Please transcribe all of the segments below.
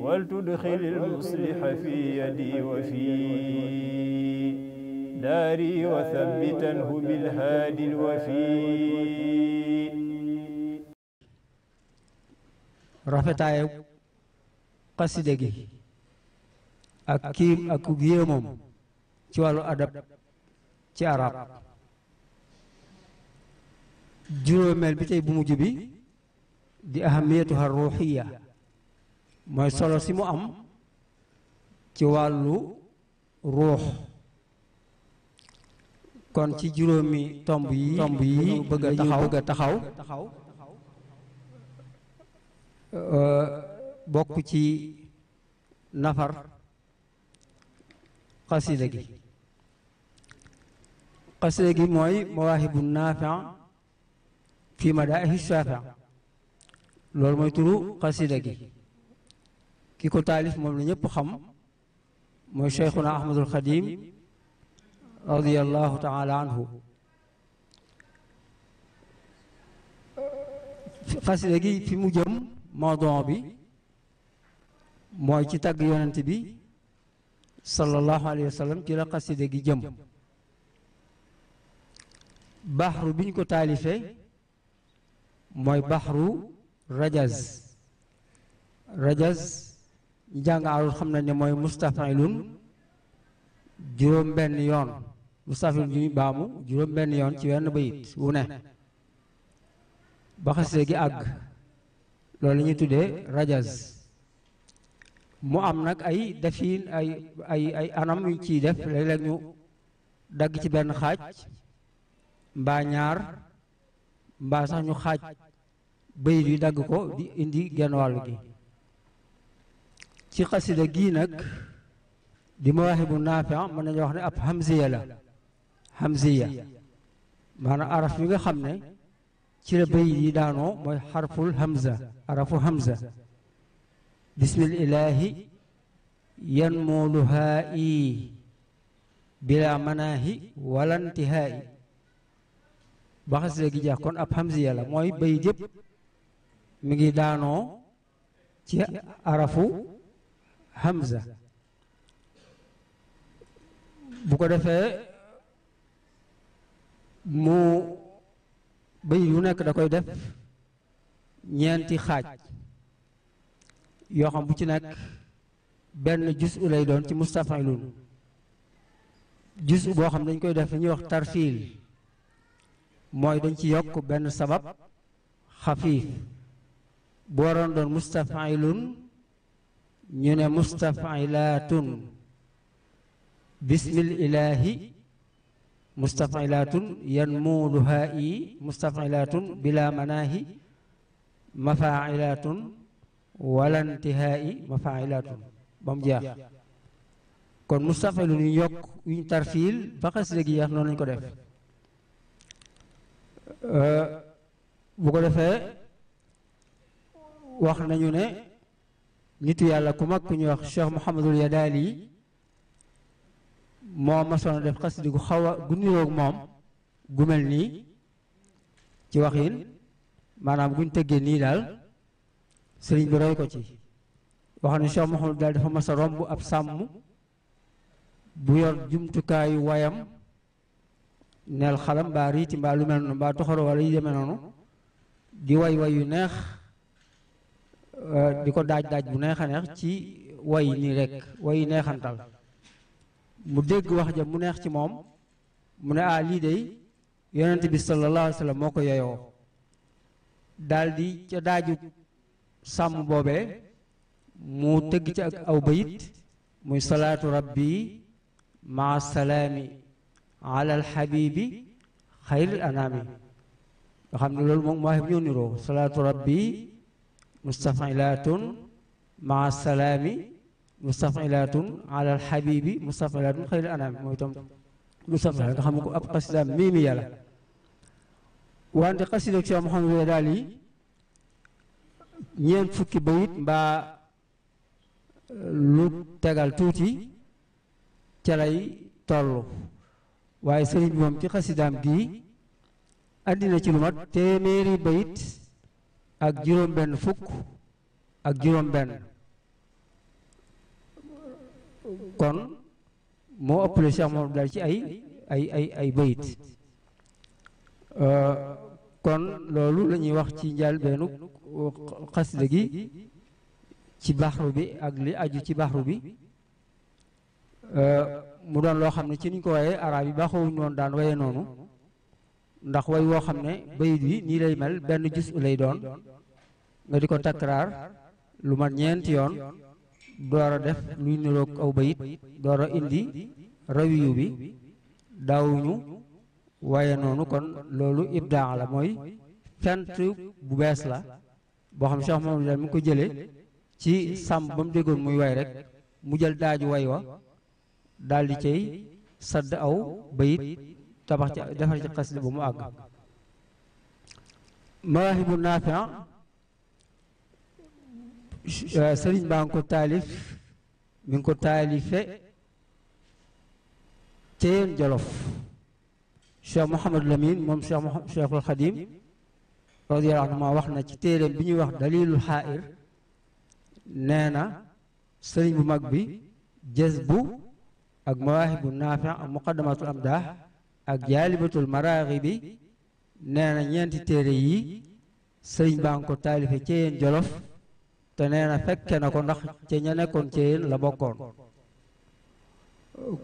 ولتدخل المصلح في يدي وفي داري وثبتنه بالهادي الوفي rafetaayu xaside gi ak kiim ak ku yéemoom ci wàllu adab ci arab juróomeel bi tey bu mujj bi di ahamiyatuha ruuxiya mooy solo si mu am ci wàllu ruux kon ci juróomi tomb yi tomb yi bëgg a taxaw taxaw bokk ci nafar xasida gi xasida gi mooy mawaahibu naafi fi madaahi shaafi loolu mooy turu xasida gi ki ko taalif moom la ñëpp xam mooy cheikhuna ahmadul xadim radiallahu taala anhu xasida gi fi mu jëm mawdon bi mooy ci tagg yonent bi sallallahu alayhi wa ci la xasida gi jëm baxru bi ñu ko taalife mooy baxru rajaz rajaz ñu jàng xam nañ ne mooy mustafailun juróom benn yoon mustafailun juñu baamu juróom benn yoon ci wenn bayit wu ne ba xasee gi àgg loolu la ñuy tuddee rajaz mu am nag ay defin ay anam yu ciy def léeg-léeg ñu dagg ci benn xaaj mbaa ñaar mbaa sax ñu xaaj bayit yi dagg ko di indi genn wàll gi ci xasida gii nag di mawaahibu naafi' ah, mën nañu wax ne ab hamziya la hamziya maanaam araf yi nga xam ne ci la bay yi daanoo mooy xarful hamza arafu hamza bismil ilaahi yan mooluhaa i bila manaahi wala ntihaa i ba xasida gi jeex kon ab hamziya la mooy bay yëpp mi ngi daanoo ci arafu Hamza bu ko defee mu bay yu nekk da koy def ñeenti xaaj yoo xam bu ci nekk benn jusu lay doon ci mustafilun jusu boo xam dañ koy def ñuy wax tarfiil mooy dañ ci yokk benn sabab xafiif bu waroon doon mustafilun ñu ne mustafilatun bismil ilaahi mustafilatun yanmuuduhaa i mustafilatun bila manaahi mafailatun wala ntihaa i mafailatun ba mu jeex kon mustafilun yu yokk yuñ tarfiil ba xasida gi jeex noonu lañu ko def bu ko defee wax nañu ne nitu yàlla ku mag ku ñuy wax Cheikh Mouhamadul Yadaali yi moo masoon def xasida gu xaw a gu niroog moom gu mel nii ci waxin maanaam guñ tëggee nii daal sëriñ bi roy ko ci wax ne Cheikh Mouhamadul daal dafa mas romb ab sàmm bu yor jumtukaayu wayam neel xalam mbaa riiti mbaa lu mel noonu mbaa toxoro wala yu demee noonu di way way yu neex di ko daaj daaj bu neex ci way nii rek way neexantal mu dégg wax ja mu neex ci moom mu ne ah lii day yonent bi sallallahu alayhi moo ko yeyoo ca daaju sàmm boobee mu tëgg ci ak muy salaatu rabbi maa salaami ala alxabibi xayril anaami nga ne loolu moom moo xam ñoo niroo salaatu rabbi mustafilatun maa salaami mustafilatun ala alxabibi mustafilatun xalil anami mooy itam mustafilat nga xam ko ab xasida miimi yàlla wante xasida ak Cheikh Mouhamadou daal yi ñeent fukki bayit mbaa lu tegal tuuti ca lay tollu waaye sëriñ moom ci xasidaam gii andi na ci lu mat téeméeri bayit ak juróom-benn fukk ak juróom-benn kon moo ëppale Cheikh Mouhamadou dal ci ay ay ay ay bayit euh, kon loolu la wax ci njëlbéenu xasida gi ci baxru bi ak li aju ci baxru bi euh, mu doon loo xam ne ci niñ ko wayee arab yi baaxoowuñu woon daan waye noonu ndax way woo xam ne bayit wi nii lay mel benn jus lay doon nga di ko takraar lu ma ñeenti yoon door a def luy niroog aw bayit door indi rawiyu bi daawuñu waaye noonu kon loolu ibdaa la mooy fent bu bees la boo xam Cheikh Mamadou daal mu ngi ko jële ci sàmm ba mu déggoon muy way rek mu jël daaju way wa daldi cay sadd aw bayit tabax ci defar ci xasida bu mu àgg mawaahibu naafi' sëriñ baa ngi ko taalif mi ngi ko taalife ceyeen jolof cheikh mouhamadul amin moom cheikh cheikhul xadim radiyallahu anhu ma wax na ci téeréem bi ñuy wax dalilul xaa'ir nee na sëriñ bu mag bi jës bu ak mawaahibu naafi' ak muqaddamatul amdaax ak jaalibatul maraaxibi bi neena ñeenti téere yi sëriñ baa ngi ko taalife ci jolof te nee na fekke na ko ndax ca ña nekkoon ci la bokkoon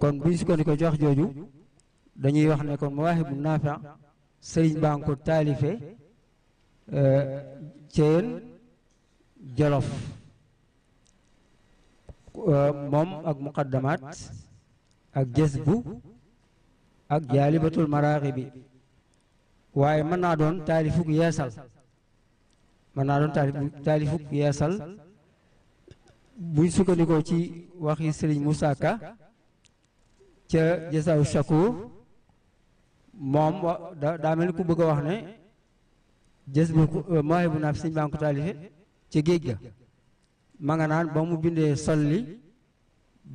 kon bu ñu jox jooju dañuy wax ne kon mawaahibu naafi sëriñ baa ngi ko taalife e, ci jolof e, moom ak muqaddamaat ak jës bu ak jaalibatul maraaxi bi waaye mën naa doon taalifuk yeesal mën naa doon taalifuk yeesal buñ sukkandikoo ci wax sëriñ Moussa Ka ca jasaaw shakur moom daa mel ni ku bëgg a wax ne jës bu mooxe bu naa fi sëñ baa ngi ca géej ga ma nga naan ba mu bindee solli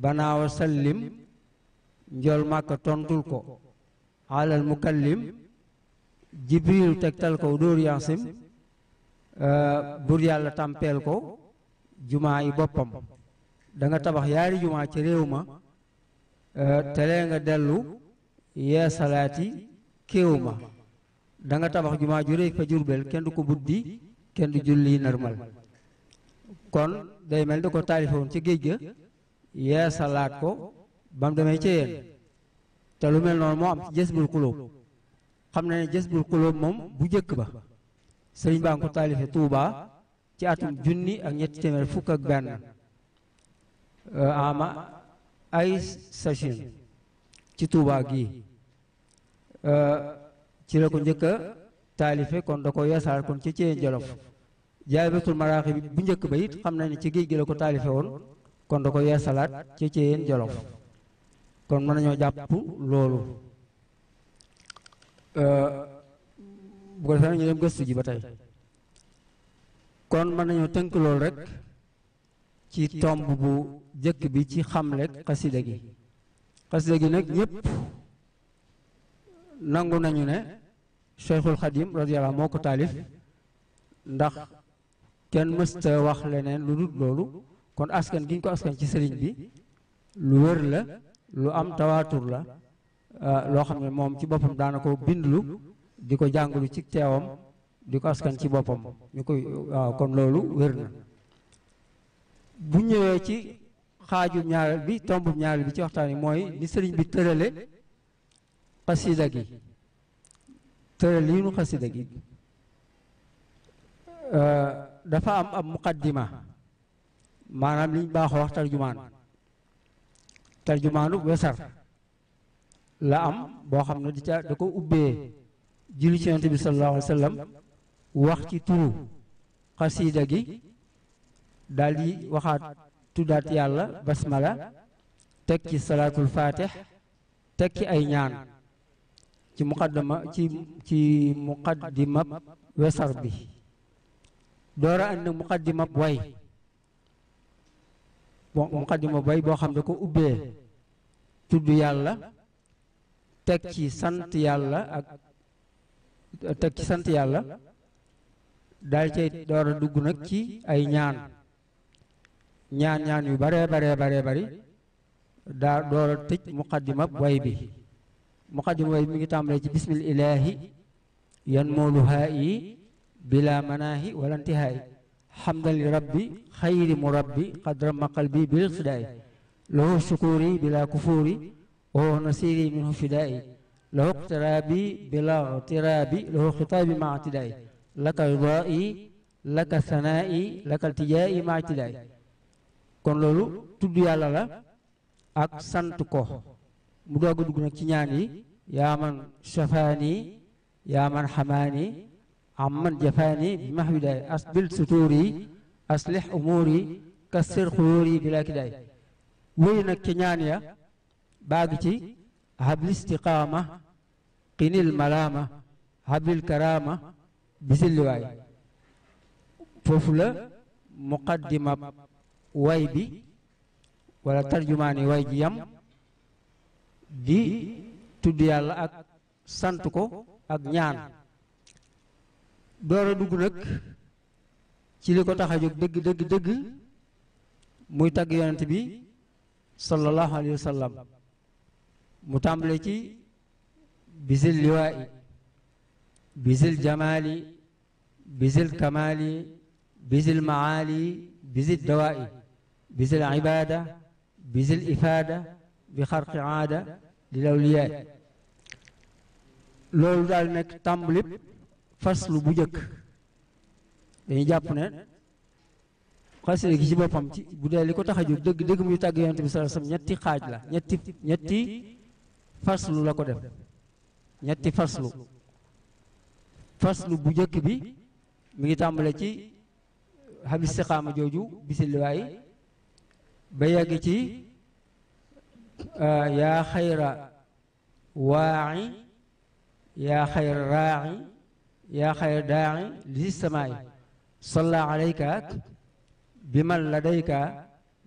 banaaw sallim njool màkk tontul ko alal mukallim jibril tegtal ko dóor yaasim bur yàlla tàmpeel ko jumaa yi boppam da tabax yaari jumaa ci réew ma te nga dellu yee salaati kéew ma da tabax jumaa ju réy fa jurbel kenn du ko buddi kenn du julli normal kon day mel ni ko taalifoon ci géej ga yee ko ba mu demee te lu mel noonu moo am ci jës bul xulóob xam na ne jës bul xulóob moom bu njëkk ba sëriñ baa ngi Touba ci atum junni ak ñetti téeméer fukk euh, ama ay sachin ci Touba gii euh, ci la ko njëkk a taalife kon da ko yasaar kon ci ceen jolof jaay betul maraaxi bu njëkk ba it xam na ni ci géej gi la ko taalife woon kon da ko yeesalaat ci ceen jolof kon mën nañoo jàpp loolu euh, bu ko defee nag dem gëstu ji ba tey kon mën nañoo tënk loolu rek ci tomb bu jëkk bi ci xamlek xasida gi xasida gi nag ñëpp nangu nañu ne Cheikhul Xadim radiyallahu moo ko taalif ndax kenn mësta wax leneen lu dul loolu kon askan gi ko askan ci sëriñ bi lu wér la lu am tawaatur la ah, loo xam ne moom ci boppam daana ko bind lu di ko jàngulu ci teewam di ko askan ci boppam ñu koy waaw kon loolu wér na bu ñëwee ci xaajub ñaareel bi tombub ñaareel bi ci waxtaan yi mooy ni sëriñ bi tërale xasida gi tërale liinu nu xasida gi ah, dafa am ab muqaddima maanaam liñ baaxoo wax tarjumaan tarjumaanu wesar la am boo xam ne di ca da ko ubbee julli ci yonent bi sallallahu alayhi wa sallam wax yàlla basmala teg ci salaatul fatih teg ci ay ñaan ci muqaddama ci ci muqaddimab wesar bi doora and na way bon muqaddima bay boo xam ne ko ubbee tudd yàlla teg ci sant yàlla ak teg ci sant yàlla daal cay door a dugg nag ci ay ñaan ñaan ñaan yu bare baree baree bari daa door a tëj muqaddima way bi muqaddima way bi mi ngi tàmbalee ci bismil ilaahi yan mooluhaa yi bila manaahi wala intihaayi hamdali rabbi xayri murabbi qadra maqalbi bil xidaay lahu shukuri bila kufuri wa nasiri minhu fidaay lahu iqtirabi bila iqtirabi lahu xitaabi ma atidaay laka ridaai laka sanaai laka iltijaai ma atidaay kon loolu tudd yàlla la ak sant ko mu doog a dugg nag ci ñaan yi yaa man shafaani yaa man xamaani amman jafaani bi max widaay asbil sutuur yi aslix umuur yi kassir xuyóor yi bilaa kidaay nag ci ñaan ya baagi ci habli istiqaama qinil malaama hablil karaama bisilliwaay foofu la muqaddima way bi wala tarjumaani way ji yam di tudd yàlla ak sant ko ak ñaan door a dugg nag ci li ko tax a jóg dëgg dëgg dëgg muy tagg yonent bi sallallahu alayhi wa mu tàmbale ci bisil liwaayi bisil jamaali bisil kamaali bisil maali bisil dawaayi bisil ibaada bisil ifaada bi xarqi aada lil awliyaa loolu daal nekk tàmb lépp faslu bu njëkk dañuy jàpp ne xasida gi ci boppam ci bu dee li ko tax a jóg dëgg dëgg muy tàgg yonent bi sa alayhi wasallam ñetti xaaj la ñetti ñetti faslu la ko def ñetti faslu faslu bu njëkk bi mu ngi tàmbale ci xab istiqaama jooju bisilliwaay ba yegg ci yaa xayra waaxi yaa xayra raaxi yaa xayra daa'i li samaa'i salla alayka bi man ladayka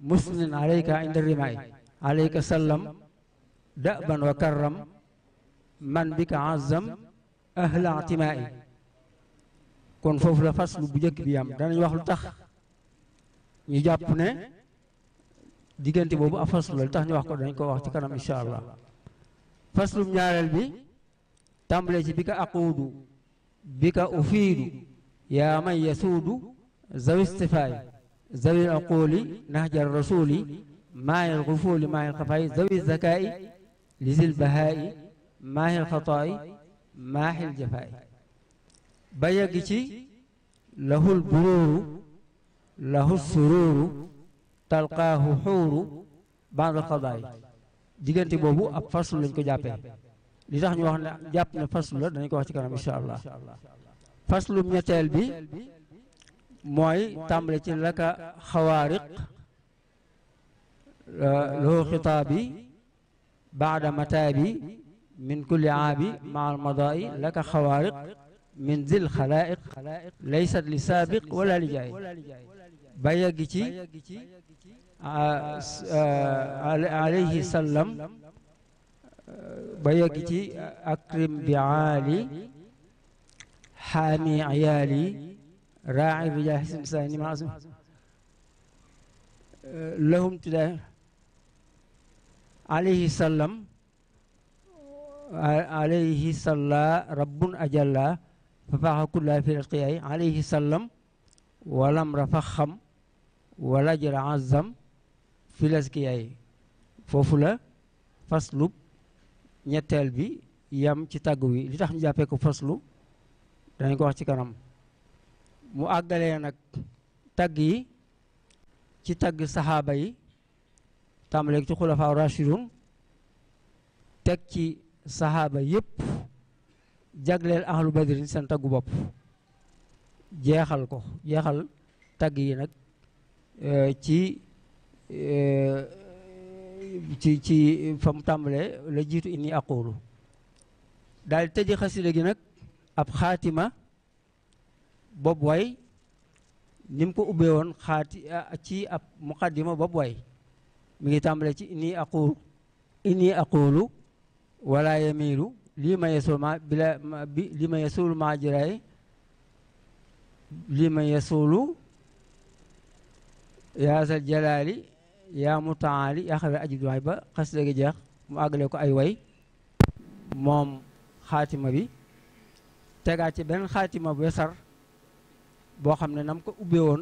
musnin alayka inda rimaa'i alayka sallam da'ban wa karram man bika azam ahla timaa'i kon foofu la fas bu njëkk bi am danañ wax lu tax ñu jàpp ne diggante boobu a faslu la lu tax ñu wax ko dañ ko wax ci kanam incha allah faslum ñaareel bi tàmbalee ci bi ka aquudu bika ufiidu yaa man yasuudu zawi istifaayi zawi aquuli nahja rasuuli maahil gufuuli maahil xafaayi zawi zakaayi lizil bahaayi maahil xataayi maahil jafaayi ba yegg ci lahul buruuru lahul suruuru talqaahu xuuru baadal qadaayi diggante boobu ab faslu lañ ko jàppee li tax ñu wax ne jàpp ne faslu la dañ ko wax ci kanam incha allah faslu ñetteel bi mooy tàmbale ci laka xawaariq euh, loo xitaabi baada mataabi min kulli aabi maa almadaa'i laka xawaariq min zil xalaaiq laysat li saabiq wala li jaay ba yegg ci euh, euh, alayhi sallam ba yegg ci uh, akrim bi aali xaami iyaali raaci bi jaa xisn saani ma asum uh, lahum tidaa alayhi sallam uh, alayhi salla rabbun ajalla fa faaxa kulla fi latqiyaay alayhi sallam walam rafaxam wala jara azam fi laskiyaay foofu la faslub ñetteel bi yam ci tàgg wi li tax ñu jàppee ko faslu danañ ko wax ci kanam mu àggalee nag tagg yi ci tagg saxaaba yi tàmbaleeg ci xulafaa rashidun teg ci saxaaba yépp jagleel ahlu badrin seen taggu bopp jeexal ko jeexal tagg yi nag euh, ci euh, ci ci fa mu tàmbalee la jiitu inni aqulu daal tëji xasida gi nag ab xaatima bob way ni mu ko ubbee woon xaati ci ab muqaddima bob way mi ngi tàmbalee ci inni aqulu inni aqulu wala yamiilu lii ma yesul ma bila bi lii ma yesul ma jiraay lii ma yesulu yaasal jalaali yaa mu taali yaa xawee aji duwaay ba xasida gi jeex mu àggale ko ay way moom xaatima bi tegaat ci beneen xaatima bu wesar boo xam ne nam ko ubbee woon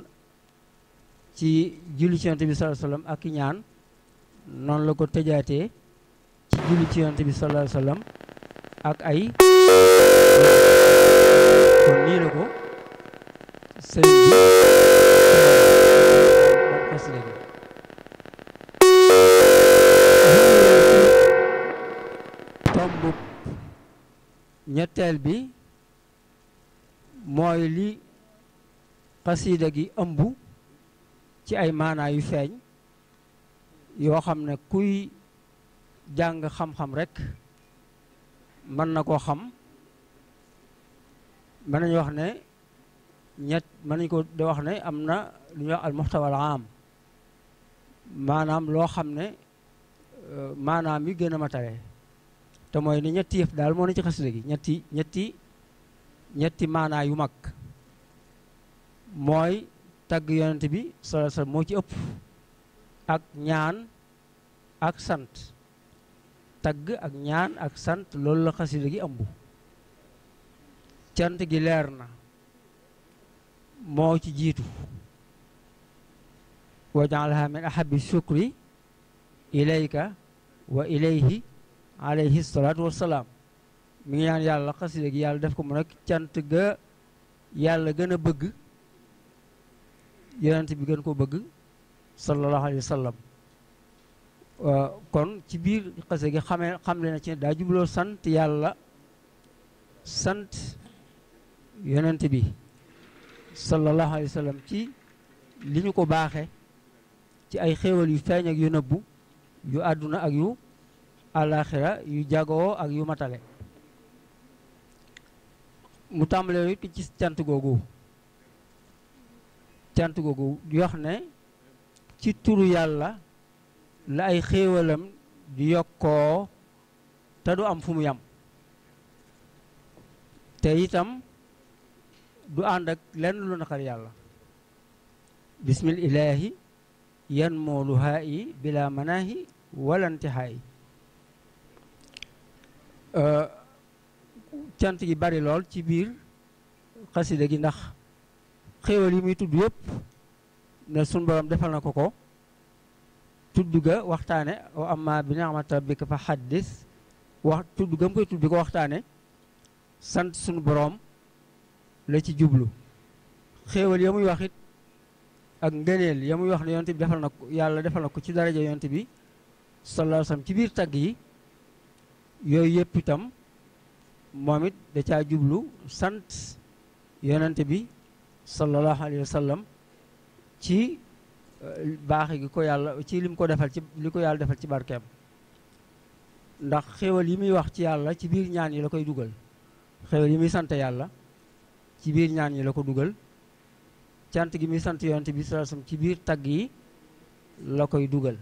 ci julli ci yonent bi sallallahu alayhi ak ñaan noonu la ko tëjaatee ci bi sallallahu alayhi ak ay kon nii la ko sëñ teel bi mooy li xasiida gi ëmb ci ay maanaa yu feeñ yoo xam ne kuy jàng xam-xam rekk mën na koo xam mën nañu wax ne ñett mën nañ ko da wax ne am na lu ñuy wax al muxtawal maanaam loo xam ne euh, maanaam yi gën a matale te mooy ni ñetti yëf daal moo ne ci xasida gi ñetti ñetti ñetti maanaa yu mag mooy tagg yonent bi sallallahu alayhi moo ci ëpp ak ñaan ak sant tagg ak ñaan ak sant loolu la xasida gi ëmb cant gi leer na moo ci jiitu wajalha min ahabi shukri ilayka wa ilayhi alayhi salaatu wassalaam mi ngi ñaan yàlla xasida gi yàlla def ko mu nag cant ga yàlla gën a bëgg yonent bi gën ko bëgg sallallahu alayhi wa sallam euh, kon ci biir xasida gi xamee xamle na ci ne daa jubloo sant yàlla sant yonent bi sallallahu alayhi wa sallam ci li ñu ko baaxe ci ay xéewal yu feeñ ak yu nëbbu yu àdduna ak yu àllaaxira yu jagoo ak yu matale mu tàmbalee it ci cant googu cant googu yox ne ci turu yàlla la ay xéewalam di yokkoo te du am fu mu yam te itam du ànd ak lenn lu naqar yàlla bismillaahi yan moolu haa yi bila manaahi wala ntihaayi Euh, cant gi bari lool ci biir xasida gi ndax xéewal yi muy tudd yëpp ne sun borom defal na ko ko tudd ga waxtaane wa amma bi ni'mati rabbika fa xaddis wax tudd ga mu koy tudd di ko waxtaane sant sunu boroom la ci jublu xéewal ya muy wax it ak ngëneel ya muy wax ne yonent bi defal na ko yàlla defal na ko ci daraja yonent bi sallallahu ci biir tagg yi yooyu yëpp itam moom it da caa jublu sant yonent bi sallallahu alayhi wa ci uh, baax gi ko yàlla ci lim ko defal ci li ko yàlla defal ci barkeem ndax xéwal yi muy wax ci yàlla ci biir ñaan yi la koy dugal xéwal yi muy sant yàlla ci biir ñaan yi la ko dugal cant gi muy sant yonent bi sallallahu alayhi ci biir tagg yi la koy dugal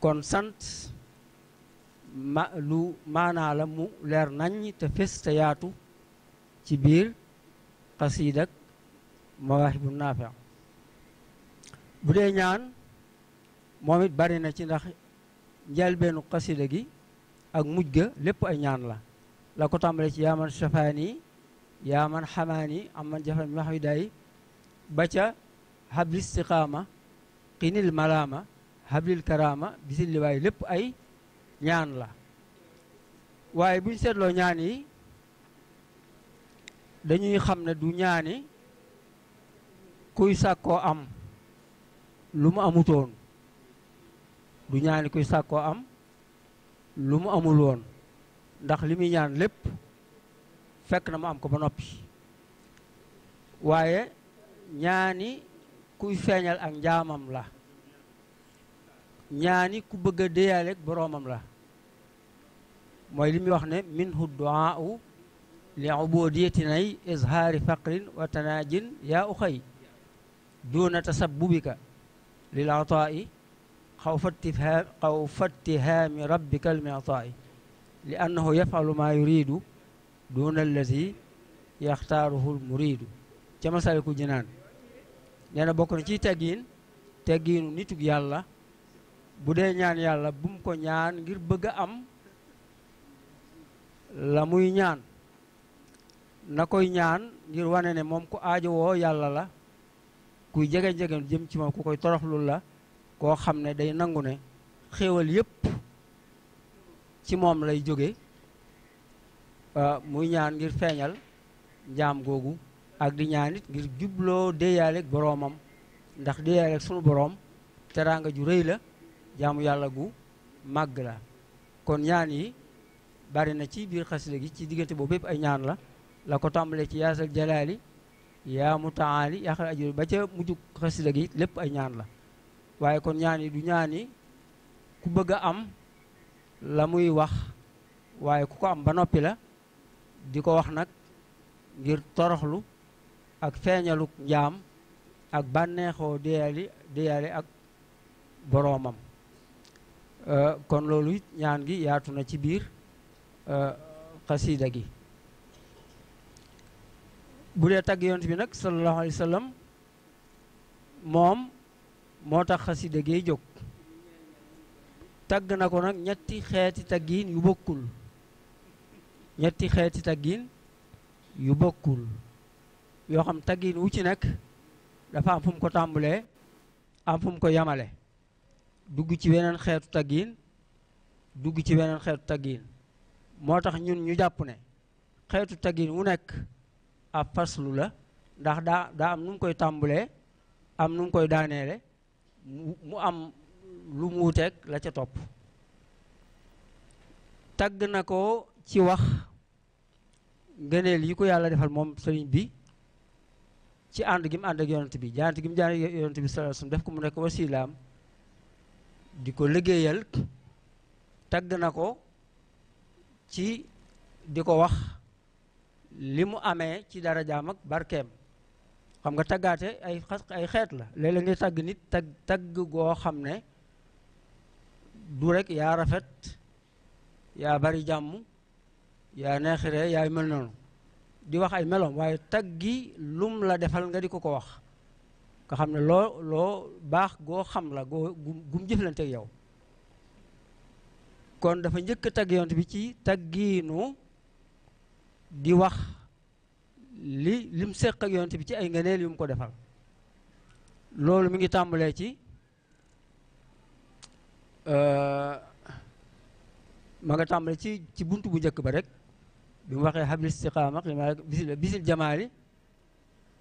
kon sant ma lu maanaa la mu leer nañ te fés te yaatu ci biir xasiid ak mawaahibu naafi bu dee ñaan moom it bari na ci ndax njëlbeenu xasida gi ak mujj ga lépp ay ñaan la la ko tàmbale ci yaaman safaani yaaman xamaani aman jafan bi ba ca habli istiqaama qinil malaama hablil karaama bisil liwaay lépp ay ñaan la waaye buñ seetloo ñaan yi dañuy xam ne du ñaani kuy sàkkoo am lu mu amutoon du ñaani kuy sàkkoo am lu mu amul woon ndax li muy ñaan lépp fekk na mu am ko ba noppi waaye ñaani kuy feeñal ak njaamam la ñaani ku bëgg a déyaaleeg boroomam la mooy li wax ne minhu duaau li ubudiyatinay izhaari faqrin wa tanaajin yaa uxay duuna tasabbubika lil ataai xawfa ittihaam xawfa ittihaami rabbika lil ataai li annahu yafalu maa yuridu duuna allazi yaxtaaruhu lmuridu ca masaliku jinaan nee na bokk na ciy teggiin teggiinu yàlla bu dee ñaan yàlla bum ko ñaan ngir bëgg a am la muy ñaan na koy ñaan ngir wane ne moom ku aajowoo yàlla la kuy jege-jege jëm ci moom ku koy toroxlul la koo xam ne day nangu ne xéewal yépp ci moom lay jóge muy ñaan ngir feeñal njaam googu ak di ñaan it ngir jubloo déeyaaleeg boroomam ndax déeyaaleeg sunu boroom teraanga ju réy la jaamu yàlla gu màgg la kon ñaan yi bari na ci biir xasida gi ci diggante boobu yépp ay ñaan la la ko tàmbalee ci yaasal jalaali yaa mutaali yaa xal ajur ba ca mujj xasida gi lépp ay ñaan la waaye kon ñaan yi du ñaan ku bëgg a am la muy wax waaye ku ko am ba noppi la di ko wax nag ngir toroxlu ak feeñalu njaam ak bànneexoo déyali déyali ak boroomam euh, kon loolu ñaan gi yaatu na ci biir Euh, xasida gi bu dee tagg yonent bi nag sallallahu alayhi wa moom moo tax xasida gi jóg tagg na ko nag ñetti xeeti taggiin yu bokkul ñetti xeeti taggiin yu bokkul yoo xam taggiin wu ci nekk dafa am fu mu ko tàmbulee am fu mu ko yamale dugg ci weneen xeetu taggiin dugg ci weneen xeetu taggiin moo tax ñun ñu jàpp ne xeetu tagin mu nekk ab faslu la ndax daa daa am nu mu koy tàmbalee am nu mu koy daaneele mu am lu mu wuuteeg la ca topp tagg na ko ci wax ngëneel yi ko yàlla defal moom sëriñ bi ci ànd gi mu ànd ak yonent bi jaant gi mu jaant yonent bi sallallahu alayhi def ko mu nekk wasilaam di ko liggéeyal tagg na ko ci di ko wax li mu amee ci dara jaam ak barkeem xam nga taggaate ay ay xeet la léeg-léeg ngay tagg nit tag tagg goo xam ne du rek yaa rafet yaa bari jàmm yaa neexire yaa mel noonu di wax ay meloom waaye taggi lum la defal nga di ko ko wax nga xam ne loo loo baax goo xam la goo gum jëflante ak yow kon dafa njëkk a tagg bi ci tag taggiinu di wax li lim séq ak yonent bi ci ay ngëneel yu mu ko defal loolu mi ngi tàmbalee ci euh, ma nga tàmbale ci ci bunt bu njëkk ba rek bi mu waxee xablis istiqaama bisil bisil jamaali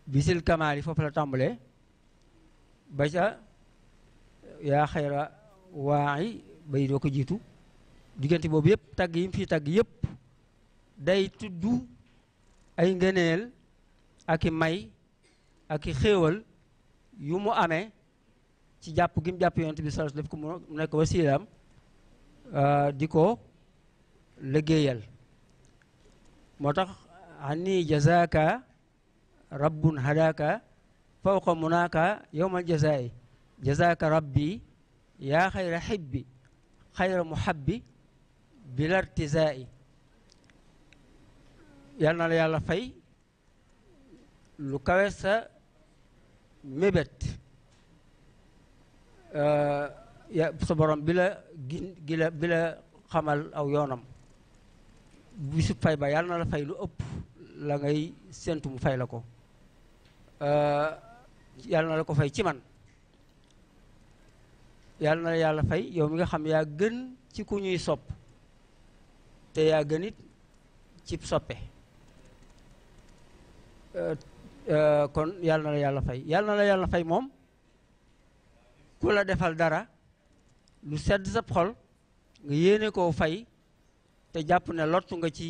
bisil kamaali foofu la tàmbalee ba ca yaa xayra waayi bay doo ko jiitu diggante boobu yëpp tàgg yi fi tàgg yëpp day tudd ay ngëneel ak may ak i yu mu ame ci jàpp gim mu jàpp bi sallallahu alayhi wasallam def ko mu nekk wasiilaam euh, di ko liggéeyal moo tax ani jazaaka rabbun hadaaka fawqa munaaka yawmal jazaa'i jazaaka rabbi yaa xayra xibbi xayra muhabbi bilartizai yal na la yàlla fay lu kawe sa mébét sa borom bi la gin gi la xamal aw yoonam bisu fay ba yal na la fay lu ëpp la ngay séntu mu fay la ko yal na la ko fay ci man yal na la yàlla fay yow mi nga xam yaa gën ci ku ñuy sopp te yaa gën it cib soppe euh, euh, kon yàlla na la yàlla fay yàlla na la yàlla fay moom ku la defal dara lu sedd sab xol nga yéene koo fay te jàpp ne lottu nga ci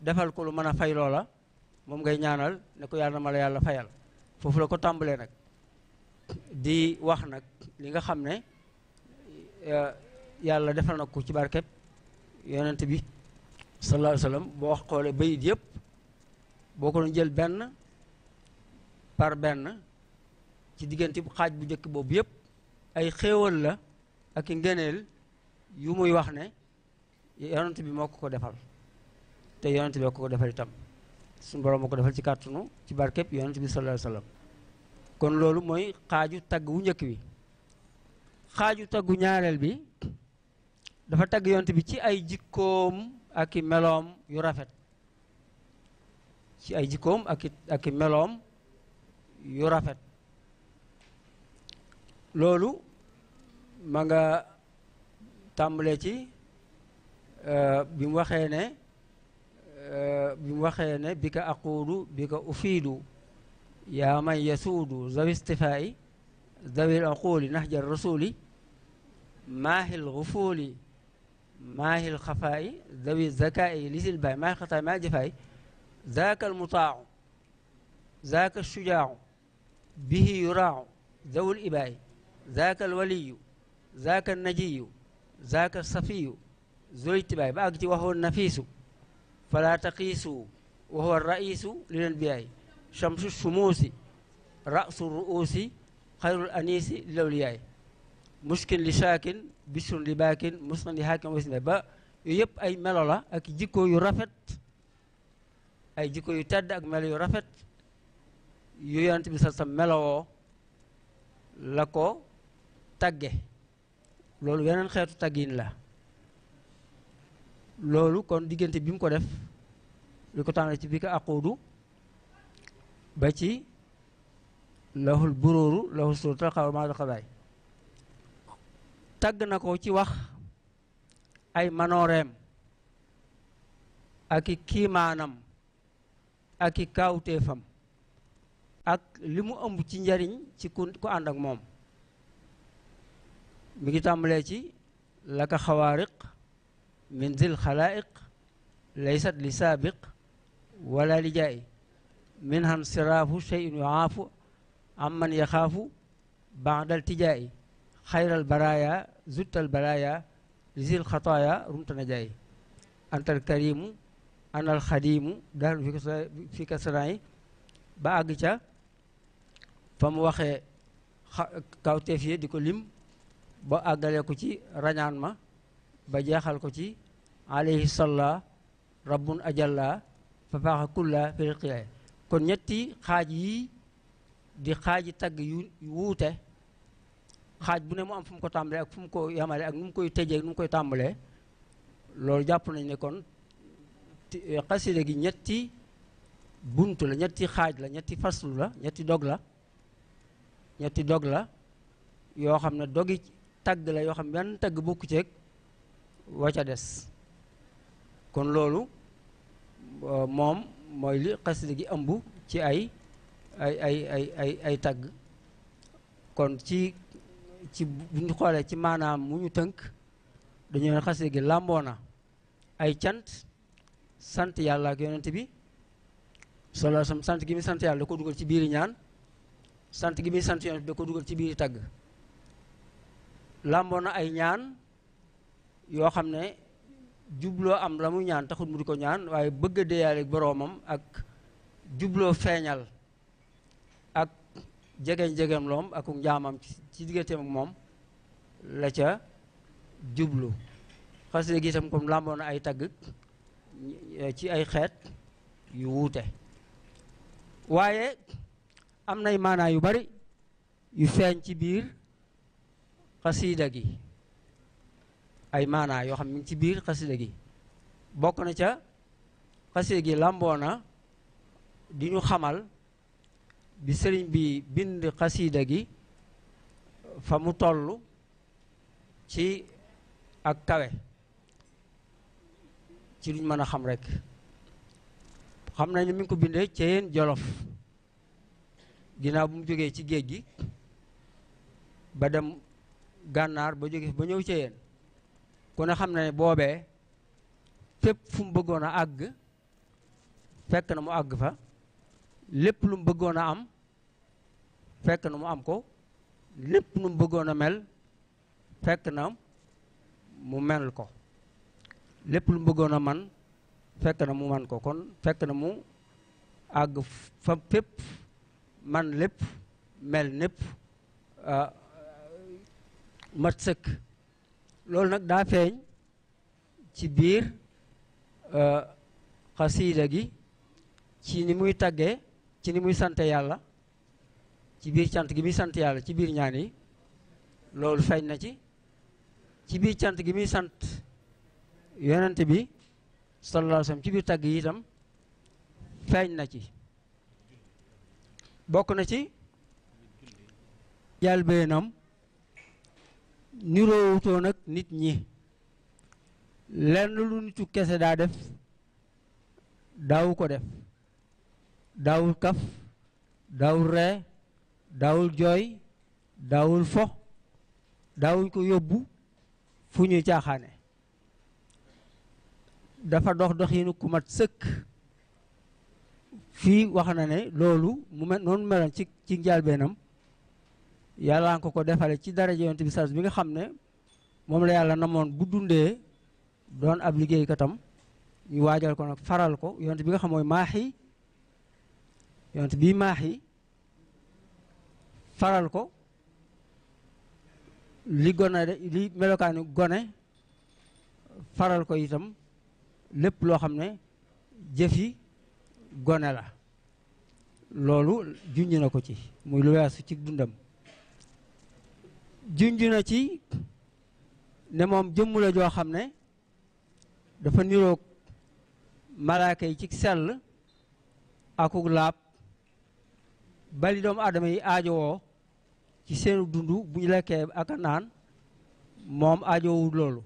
defal ko lu mën a fay loola moom ngay ñaanal ne ko yàlla na ma la yàlla fayal foofu la ko tàmbalee nag di wax nag li nga xam ne euh, yàlla defal na ko ci barkeb yonent bi sallallahu alayhi wa sallam boo wax xoolee bayit yëpp boo ko doon jël benn par benn ci diggante bu xaaj bu njëkk boobu yëpp ay xéewal la ak i ngëneel yu muy wax ne yonent bi moo ko ko defal te yonent bi moo ko ko defal itam suñu borom moo ko defal ci kàttanu ci barkeb yonent bi sallallahu alayhi wa sallam kon loolu mooy xaaju tagg wu njëkk bi xaaju taggu ñaareel bi dafa tagg yonent bi ci ay jikkoom aki melom yu rafet ci ay jikkoom ak aki melom yu rafet loolu ma nga tàmbale ci euh, bi mu waxee ne euh, bi mu waxee ne bi ka aquudu bi ka ufiidu yaa man yasuudu zawi istifaa'i zawil aquuli rasuli maahil gufuuli maahil xafaayi dawi zakaayi lisil baay maahil xafaayi maahil jafaayi zaaka almutaacu zaaka alshujaacu bihi yuraacu dawul ibaayi zaaka alwaliyu zaaka alnajiyu zaaka alsafiyu zul itibaay ba àgg ci waxoon nafiisu falaa taqiisu wa huwa raisu lil anbiyaay shamsu shumuusi rasu ruusi xayrul aniisi lil awliyaay mushkin li shaakin bisrun li baakin musnan li haakim wasne ba yooyu yëpp ay melo la ak jikko yu rafet ay jikko yu tedd ak melo yu rafet yu yonent bi sa sa melowoo la ko tagge loolu weneen xeetu taggiin la loolu kon diggante bi mu ko def li ko tàmbalee ci bi ko aquudu ba ci lahul buróoru lahul surutal xaw maadal tàgg na ko ci wax ay manooreem ak i kiimaanam ak i kaawteefam ak li mu ëmb ci njariñ ci ku ànd ak moom mi ngi tàmbalee ci laka xawaariq min zil xalaaiq laysat li saabiq wala li jaay min han siraafu shay'un yuaafu amman yaxaafu baadal tijaayi xayral baraaya zuttal balaaya zil xataaya rumta na antal karimu anal xadimu daan fi ba àgg ca fa mu waxee kawteef yi di ko lim ba àggalee ko ci rañaan ma ba jeexal ko ci alayhi salla rabbun ajalla fa faaxa kulla fi kon ñetti xaaj yi di xaaj tag yu wuute xaaj bu ne mu am fu mu ko tàmbalee ak fu mu ko yamale ak nu mu koy tëjee ak nu mu koy tàmbalee loolu jàpp nañ ne kon eh, xasida gi ñetti bunt la ñetti xaaj la ñetti faslu la ñetti dog la ñetti dog la yoo xam ne dogi tagg la yoo xam ne benn tagg bokku ceeg wa ca des kon loolu eh, moom mooy li xasida gi ëmb ci ay ay ay ay ay tagg kon ci ci bu ñu xoolee ci maanaam mu ñu tënk dañu ne xasida gi làmboo na ay cant sant yàlla ak yonent bi solo sam sant gi muy sant yàlla da ko dugal ci biiri ñaan sant gi muy sant yonent da ko dugal ci biiri tagg làmboo na ay ñaan yoo xam ne jubloo am la mu ñaan taxul mu di ko ñaan waaye bëgg a deeyaale boroomam ak jubloo feeñal jegeñ jegeem loom ak njaamam ci digganteem moom la ca jublu xasida gi itam comme làmboon ay tagg eh, ci ay xeet yu wuute waaye am nay maanaa yu bari yu feeñ ci biir xasida gi ay maanaa yoo xam ne ci biir xasida gi bokk na ca xasida gi làmboo na di ñu xamal bi sëriñ bi bind xasiida gi fa mu tollu ci ak kawe ci luñ mën a xam rek xam nañ ne ngi ko bindee ci jolof ginnaaw bu mu jógee ci géej gi ba dem gànnaar ba jóge ba ñëw ci kon ku xam na ne boobee fépp fu mu bëggoon a àgg fekk na mu àgg fa lépp lu mu bëggoon a am fekk na mu am ko lépp nu mu bëggoon a mel fekk na mu mel ko lépp lu mu bëggoon a man fekk na mu man ko kon fekk na mu àgg fa fépp man lépp mel népp euh, mat sëkk loolu nag daa feeñ ci biir euh, xasiida gi ci ni muy tàggee ci ni muy sante yàlla ci biir cant gi muy sant yàlla ci biir ñaan loolu feeñ na ci ci biir cant gi muy sant yonent bi sallallahu alayhi wasallam ci biir tàgg yi itam feeñ na ci bokk na ci yàlla béyanam niroowutoo nag nit ñi lenn lu nitu kese daa def daawu ko def daawul kaf daawul ree daawul jooy daawul fo daawuñ ko yóbbu fu ñuy caaxaane dafa dox doxinu ku mat sëkk fii wax na ne loolu mu mel noonu meloon ci ci njaalbeenam yàlla nga ko ko defale ci daraja yonent bi sas bi nga xam ne moom la yàlla namoon bu dundee doon ab liggéeykatam ñu waajal ko nag faral ko yonent bi nga xamooy mooy maaxi yonent bii maaxi faral ko li gone li melokaani gone faral ko itam lépp loo xam ne jëfi gone la loolu junj na ko ci muy lu weesu ci dundam junj na ci ne moom jëmm la joo xam ne dafa niroog malaaka yi ci sell akuk laab bali doomu aadama yi aajowoo ci seenu dund bu ñu lekkee ak a naan moom ajowul loolu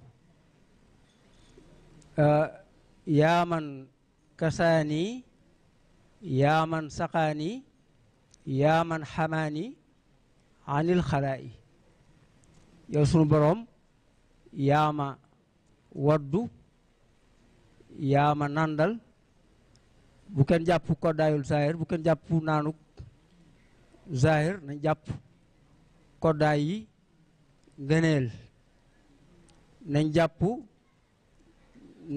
euh, yaaman kasaani yaaman saqaani yaaman xamaani anil xalaa'i yow sunu boroom yaama waddu yaama nàndal bu kenn jàpp ko zahir bu kenn jàpp naanuk zahir nañ jàpp koddaay yi gëneel nañ jàpp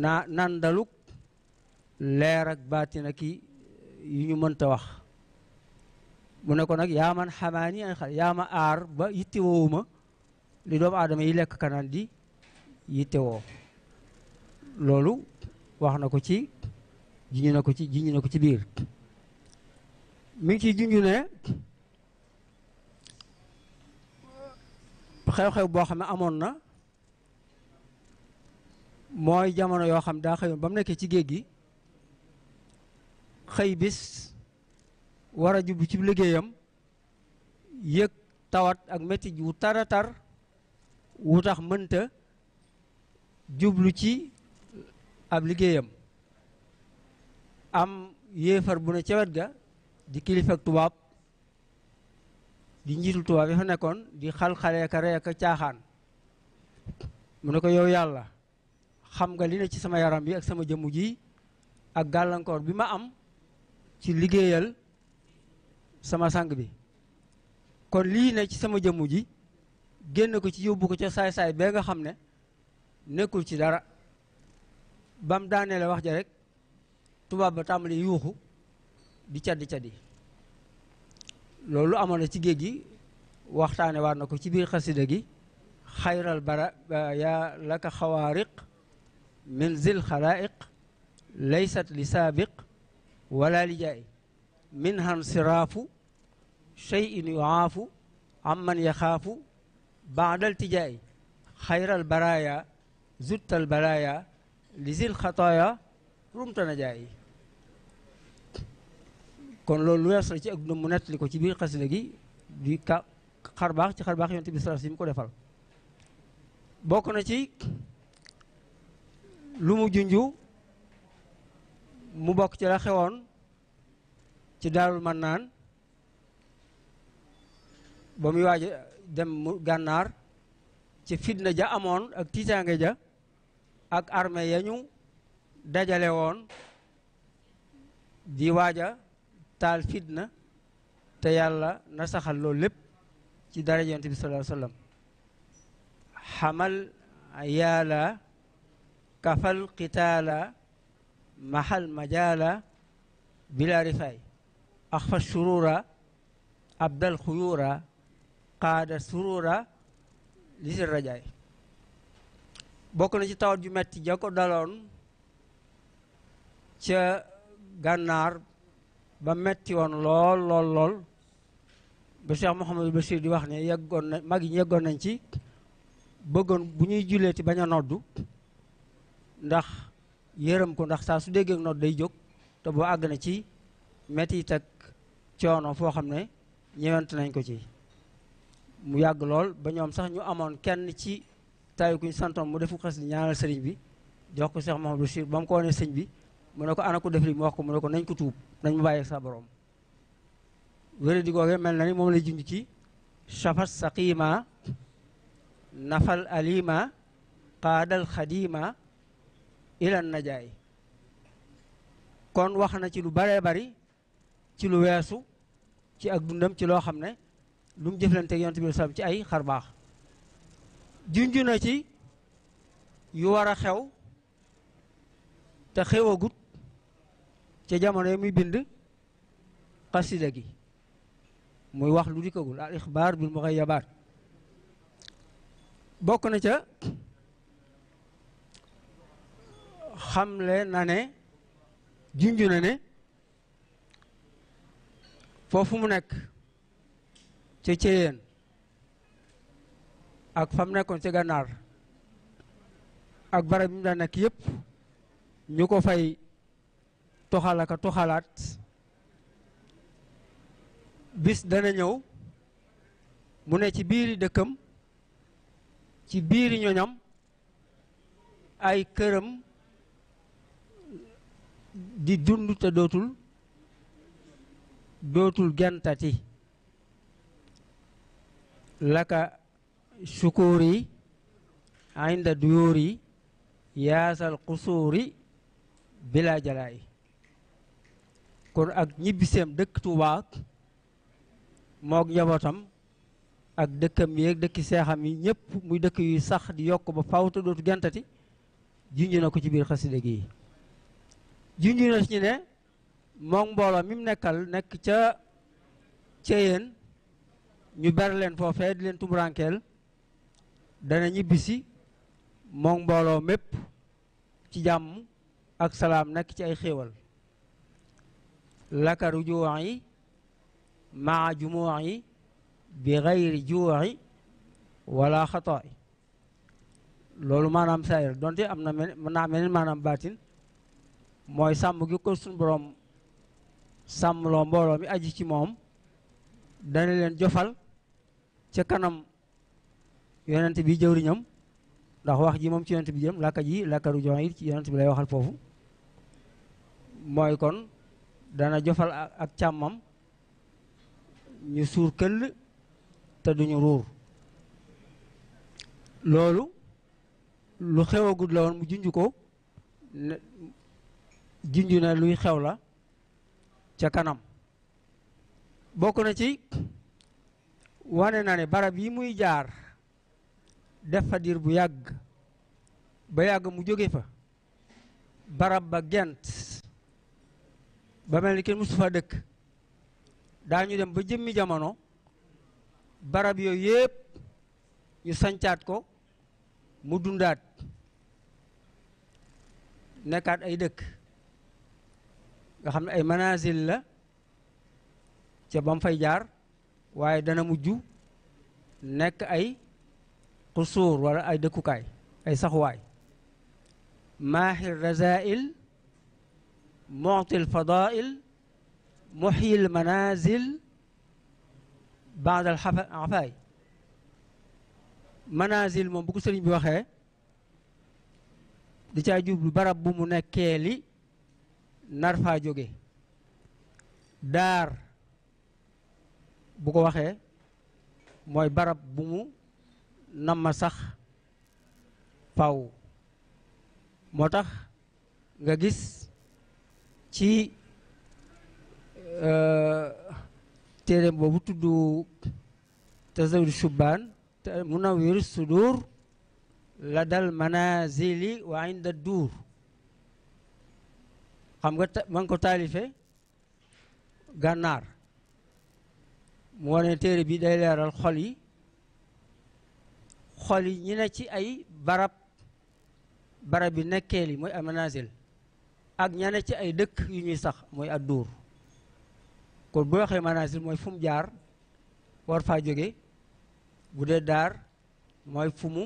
naa nandaluk leer ak baatin yu ñu mënta wax mu ne ko nag yaa man xamaani yaa ma aar ba yittewowuma li doomu aadama yi lekk kanaan di yittewoo loolu wax na ko ci jiñu na ko ci jiñu na ko ci biir mi ngi ciy junju xew-xew boo xam ne amoon na mooy jamono yoo xam daa xëyoon ba mu nekkee ci géej gi xëy bis war a jubbu ci liggéeyam yëg tawat ak métti wu tara tar wu tax mënta jublu ci ab liggéeyam am yéefar bu ne ca ga di kilifa tubaab di njiitu tubaab yi fa nekkoon di xal-xalee ka ree ka caaxaan mu ne ko yow yàlla xam nga li ne ci sama yaram bi ak sama jëmm ji ak gàllankoor bi ma am ci liggéeyal sama sang bi kon lii ne ci sama jëmm ji génn ko ci yóbbu ko ca saay-saay bee nga xam ne nekkul ci dara bam daanee la wax ja rek tubaab ba tàmbali yuuxu di caddi caddi loolu amoon ci géej gi waxtaane waat na ko ci biir xasida gi xayral bara yaa laka xawaariq min zil xalaaiq laysat li saabiq wala li jaay min han siraafu cheyin yuaafu amman yaxaafu baadal tijaay xayral baraaya zuttal balaaya li zil xataaya rumtana jaay kon loolu lu la ci ak dund mu nettali ko ci biir xasina gi di ka xarbaax ci xarbaax yonent bi sallallahu alayhi mu ko defal bokk na ci lu mu junju mu bokk ci la xewoon ci daarul mannaan ba muy waaj dem mu gànnaar ci fitna ja amoon ak tiitaange ja ak armée ya ñu dajale woon di waaja taal fitna te yàlla na saxal loolu lépp ci dara yonent bi sallallahu alayhi wa sallam xamal yaala kafal qitaala mahal majaala bila rifaay axfa shuruura abdal xuyuura qaada suruura li si rajaay bokk na ci tawat ju metti ja ko daloon ca gànnaar ba metti woon lool lool lool ba Cheikh Mouhamadou Bachir di wax ne yeggoon na mag yi yeggoon nañ ci bëggoon bu ñuy julleeti bañ a noddu ndax yërëm ko ndax saa su déggee nodd day jóg te boo àgg na ci mettit ak coono foo xam ne ñëwent nañ ko ci mu yàgg lool ba ñoom sax ñu amoon kenn ci tayu kuñ santoon mu defu xas di ñaanal sëriñ bi jox ko Cheikh Mouhamadou Bachir ba mu ko wonee sëñ bi mu ne ko ana ko def li mu wax ko mu ne ko nañ ko tuub nañ mu bàyyi sa boroom wéra di googee mel na ni moom lay junj ci shafat saqima nafal alima qaadal xadima ilan najaay kon wax na ci lu baree bari ci lu weesu ci ak dundam ci loo xam ne lu mu jëflante ak ci ay xarbaax baax na ci yu war a xew te xewagut ca jamono yi muy bind xasida gi muy wax lu dikkagul bi ixbaar bil muxayabaat bokk na ca xamle na ne junj na ne foofu mu nekk ca ceyeen ak fa nekkoon ca gànnaar ak barab yi daan nekk yépp ñu ko fay toxalaka toxalaat bis dana ñëw mu ne ci biiri dëkkam ci biiri ñoñam ay këram di dund te dootul dootul gentati laka sukuri inda duyóori yaasal xusuuri bila jalaay kon ak ñibbiseem dëkk Tuubaa mook njabootam ak dëkkam yi ak dëkki seexam yi ñëpp muy dëkk yuy sax di yokk ba faw te dootu gentati junj na ko ci biir xasida gi junj na ci ne moom mbooloo mi mu nekkal nekk ca Ceyeen ñu ber leen foofee di leen tumurankeel dana ñibbisi moom mbooloo mépp ci jàmm ak salaam nekk ci ay xéewal laka rujuuci maa jumuuci bi xayri juuci wala xataai loolu maanaam saayir donte am na mën naa meneen maanaam baatin mooy sàmm gi ko suñ boroom loo mbooloo mi aji ci moom dana leen jofal ca kanam yonent bi jëwriñam ndax wax ji moom ci yonent bi jëm làkka ji làkka rujon yi ci yonent bi lay waxal foofu mooy kon dana jofal ak càmmam ñu suur këll te duñu ruur loolu lu xewagul la woon mu junj ko junj na luy xew la ca kanam bokk na ci wane na ne barab yi muy jaar def fa diir bu yàgg ba yàgg mu jóge fa barab ba gent ba mel ni ki musu dëkk daañu dem ba jëmmi jamono barab yooyu yépp ñu sañcaat ko mu dundaat nekkaat ay dëkk nga xam ne ay manazil la ca bam fay jaar waaye dana mujj nekk ay xusuur wala ay dëkkukaay ay saxuwaay maaxir razail mu'ti al-fadaa'il muhyi al-manaazil ba'da al-afaay manaazil moom bu ko sëriñ bi waxee di caa jublu barab bu mu nekkee li nar faa jóge daar bu ko waxee mooy barab bu mu namma sax faw moo tax nga gis ci euh, téere boobu tudd tazawud shubban munawwir sudur la dal manazili wa inda duur xam nga ma ngi ko taalife gànnaar mu wane téere bi day leeral xol yi xol yi ñu ne ci ay barab barab bi nekkeel yi mooy ay manazil ak ñane ci ay dëkk yu ñuy sax mooy adduur kon boo waxee manaasil mooy fu mu jaar war faa jóge bu dee daar mooy fu mu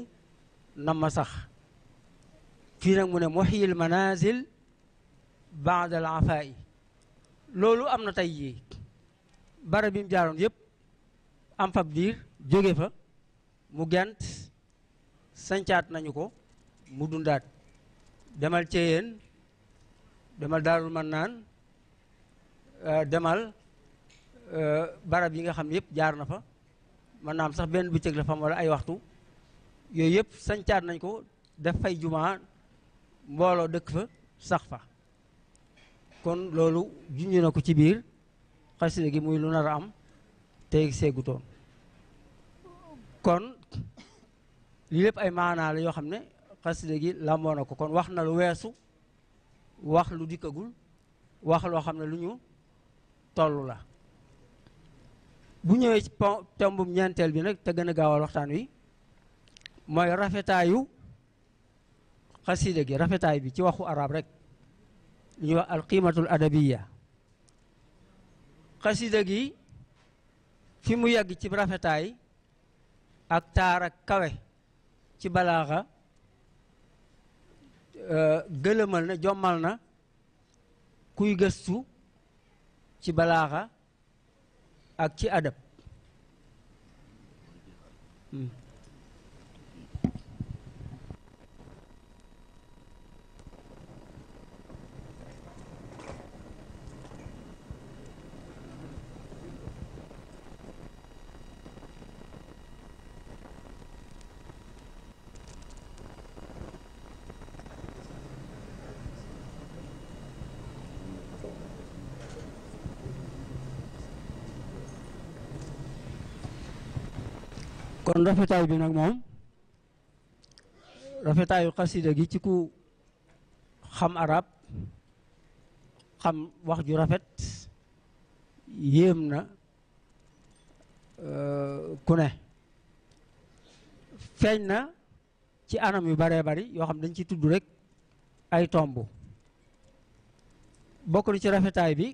namma sax fii nag mu ne muhyil manaasil baada al afaa'i loolu am na tey jii barab bi mu jaaroon yëpp am fab diir jóge fa mu gent sancaat nañu ko mu dundaat demal ci demal daarul man naan euh, demal euh, barab yi nga xam ne yëpp jaar na fa man sax benn bëccëg la fam wala ay waxtu yooyu yëpp sancaat nañ ko def fay jumaa mbooloo dëkk fa sax fa kon loolu junj na ko ci biir xasida gi muy lu nar a am tey seegutoon kon lii lépp ay maanaa la yoo xam ne xasida gi làmboo na ko kon wax na lu weesu wax lu dikkagul wax loo xam ne lu ñu tollu la bu ñëwee ci tombum ñeenteel bi nag te gën a gaawal waxtaan wi mooy rafetaayu xasida gi rafetaay bi ci waxu arab rek lu ñuy wax alqimatul adabiya xasida gi fi mu yàgg ci rafetaay ak taar ak kawe ci balaaxa gëlëmal na jommal na kuy gëstu ci balaaxa ak ci adab hmm. kon rafetaay bi nag moom rafetaayu xasida gi ci ku xam arab xam wax ju rafet yéem na euh, ku ne feeñ na ci anam yu baree bari yoo xam dañ ci tudd rekk ay tomb bokk na ci rafetaay bi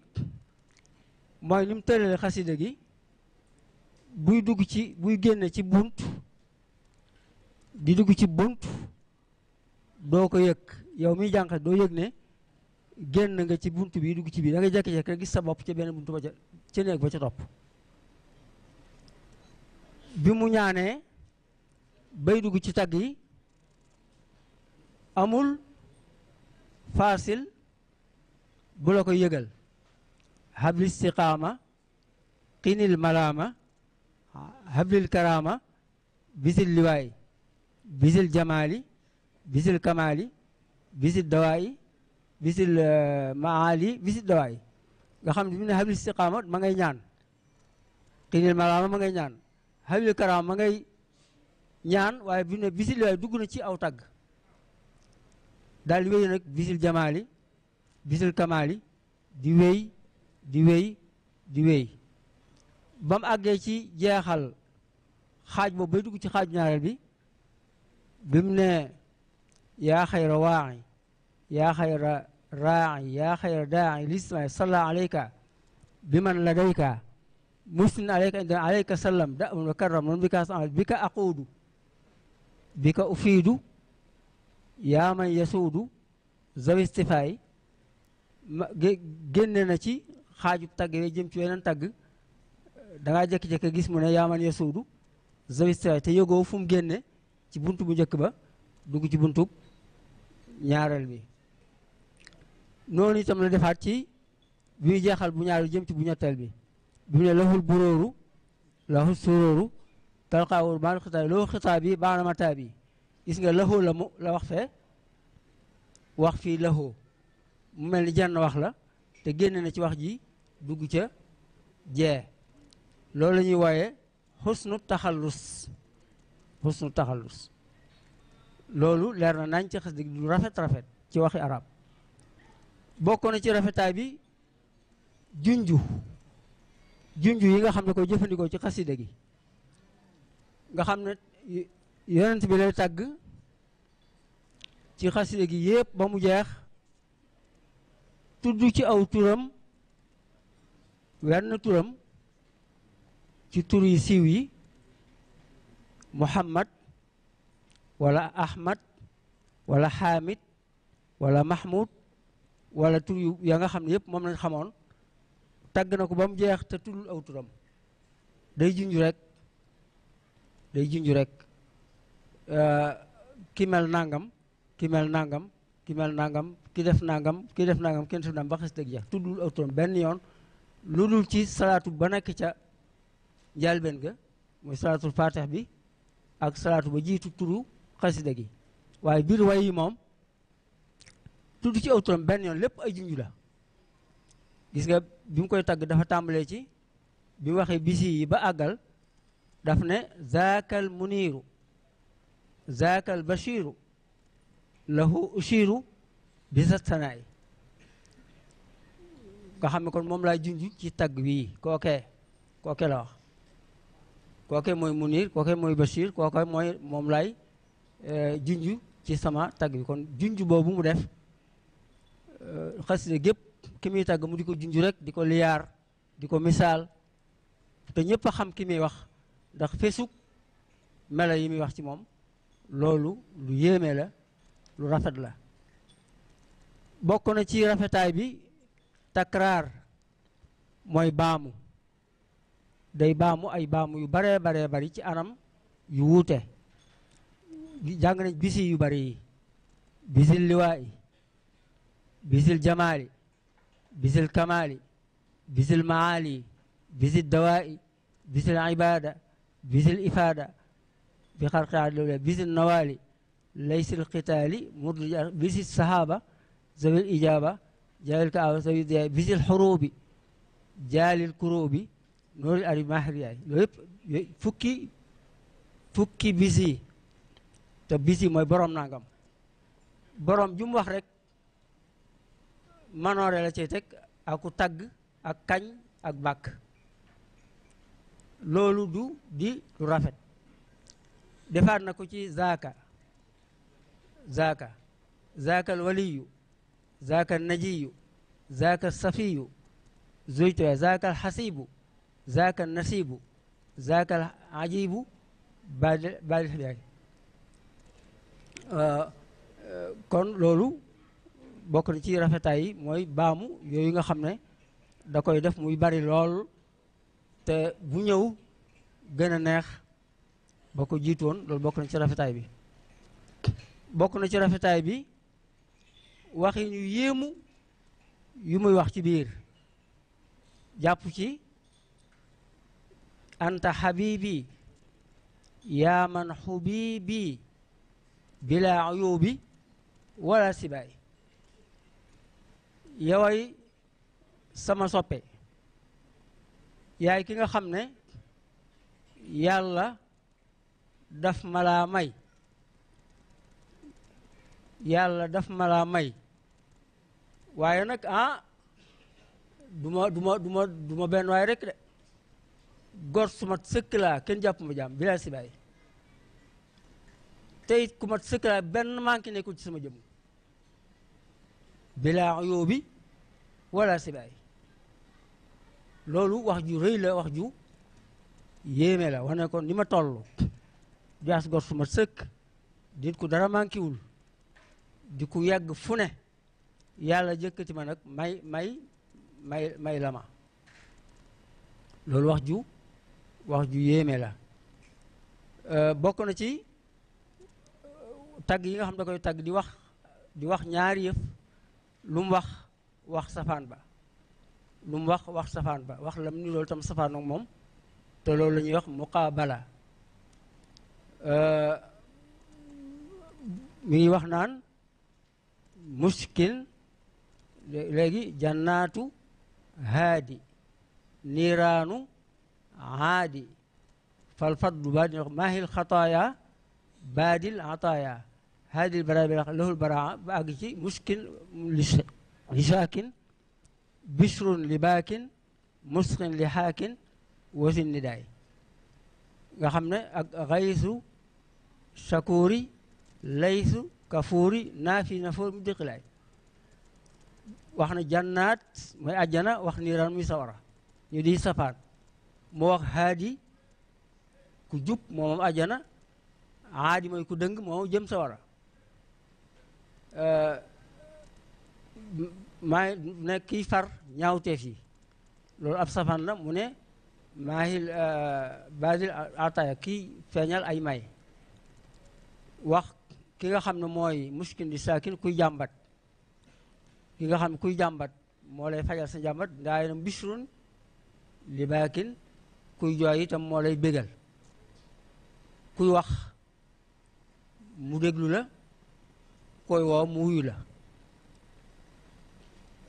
mooy ni mu tëralee xasida gi buy dugg ci buy génn ci bunt di dugg ci bunt doo ko yëg yow miy jànqale doo yëg ne génn nga ci bunt bii dugg ci bii da nga jékki-jékki gis sa bopp ca benn bunt ba ca ca néeg ba ca topp bi mu ñaanee bay dugg ci tagg yi amul fasil bu la koy yëgal habli istiqaama qinil malaama hablil karama bisil liwaay bisil jamali bisil kamaali bisil dawaayi bisil eh, maali bisil dawaayi nga xam ne hablil istiqaama ma ngay ñaan xinil malaama ma ngay ñaan hablil karama ma ngay ñaan waaye bi bisil liwaay dugg na ci aw tagg daal di wéy nag bisil jamaali bisil kamaali di wéy di wéy di wéy ba mu ci jeexal xaaj boobu bay dugg ci xaaj bi bi mu ne xayra waaxi yaa xayra raaxi yaa xayra daaxi lisma salla alayka bi man ladayka musnin alayka inda alayka sallam da mun karam noon bi ka samal bi ka aquudu bi ka man yasuudu zawi istifaay génne ci xaajub tagg yi jëm ci weneen tagg dangaa jékki-jékki gis mu ne yaaman ya suudu zawistraay te yëgoo fu génne ci bunt bu njëkk ba dugg ci buntub ñaareel bi noonu itam la defaat ci bi muy jeexal bu ñaar jëm ci bu ñetteel bi bi mu ne laxul buróoru laxul suróoru talxaawul baanu xitaab yi loolu xitaab yi baana mataa bi gis nga laxoo la mu la wax fee wax fii laxoo mu mel ni jenn wax la te génne na ci wax ji dugg ca jee loolu la ñuy waaye xusnu taxallus xusnu taxallus loolu leer na nañ ci xas dig du rafet rafet ci waxi arab bokk na ci rafetaay bi junju junju yi nga xam ne koy jëfandikoo ci xasida gi nga xam ne yonent bi lay tàgg ci xasida gi yépp ba mu jeex tudd ci aw turam wenn turam ci tur yi siiw yi muhammad wala ahmad wala xaamid wala mahmud wala tur yu ya nga xam ne yëpp moom lañ xamoon tàgg na ko ba mu jeex te tuddul aw turam day junj rek day junj rek euh, ki mel nangam ki mel nangam ki mel nangam ki def nangam ki def nangam kenn def nangam ba xas dëgg jeex tuddul aw benn yoon lu dul ci salaatu ba nekk njëlbéen ga muy salaatul faatix bi ak salaatu ba jiitu turu xasida gi waaye biir way yi moom tudd ci aw turam benn yoon lépp ay junj la gis nga bi mu koy tagg dafa tàmbalee ci bi mu waxee bisi yi ba àggal daf ne zaakal muniiru zaakal bashiiru lahu ushiiru bi sa sanaay nga xam ne kon moom laay junj ci tagg wii kookee kookee la wax kooke mooy Munir kooke mooy Bachir kooke mooy moom lay e, junj ci sama tagg bi kon junj boobu mu def e, xasida gépp ki muy tagg mu di ko junj rek di ko liyaar di ko missaal te ñëpp a xam ki muy wax ndax fesuk mela yi muy wax ci moom loolu lu yéeme la lu rafet la bokk na ci rafetaay bi takraar mooy baamu day baamu ay baamu yu baree baree bari ci anam yu wuute jàng nañ bisi yu bari yi bisil liwaayi bisil jamaali bisil kamaali bisil maali bisil dawaayi bisil ibaada bisil ifaada bi xarqaat lawla bisil nawaali laysil qitaali murdu bisil sahaaba zawil ijaaba jaalil kaawa zawil diyaa bisil xuruubi jaalil kuruubi noorul ari mahri yaay fukki fukki bis te bisi mooy borom nangam borom ju wax rekk manoore la cay teg aku tagg ak kañ ak bakk loolu du di lu rafet defaat na ko ci zaaka zaaka zaaka alwaliyu zaaka najiyu zaaka safiyu zuytu zaaka alxasibu zaaka nasibu zaaka ajibu baadi xabiyaay euh, kon loolu bokk na ci rafetaay mooy baamu yooyu nga xam ne da koy def muy bari lool te bu ñëw gën a neex bokk ko woon loolu bokk na ci rafetaay bi bokk na ci rafetaay bi waxi yéemu yu muy wax ci biir jàpp ci anta habibi yaa man hubibi bila uyubi wala sibaay yoway sama soppe yaay ki nga xam ne yàlla daf ma may yàlla daf malaa may waaye nag ah du ma du ma benn waay rek de gor su sëkk laa kenn jàpp ma jaam bilaay si bàyyi te it ku mat sëkk laa benn manqué nekkul ci sama jëmm bilaa yóobi wala si bàyyi loolu wax ju rëy la wax ju yéeme la wax ne kon ni ma toll jaas gor su mat sëkk dit ku dara manqué wul di ku yàgg fune ne yàlla jëkkati ma nag may may may may la ma loolu wax ju wax ju yéeme la euh, bokk na ci euh, tagg yi nga xam da koy tagg di wax di wax ñaari yëf lum wax wax safaan ba lu wax wax safaan ba wax lam ni loolu tam safaan ak moom te loolu la ñuy wax muqaabala euh, mi ngi wax naan mushkil léegi jannaatu haadi niiraanu aadi fal fadlu baadi maa hil xataaya baadil ataaya haadil bara bi lahul baraa ba àgg ci muskin li saakin bisrun li baakin muskin li xaakin wasin nidaay nga xam ne ak xaysu sakuuri laysu kafuuri naafi nafoor mu déqilaay wax na jannaat mooy àjjana wax niiraan muy sawara ñu di safaan moo wax haadi ku jub moomam ajana haadi mooy ku dëng moomam jëm sawara euh, maa ne kii far ñaawteef yi loolu ab safan la mu ne maahil euh, basil ataya kii feeñal ay may wax ki nga xam ne mooy muskin di saakin kuy jàmbat ki nga xam kuy jàmbat moo lay fajal sa jàmbat ndaa yenam bisrun li kuy jooy itam moo lay bégal kuy wax mu déglu la koy woo mu wuyu la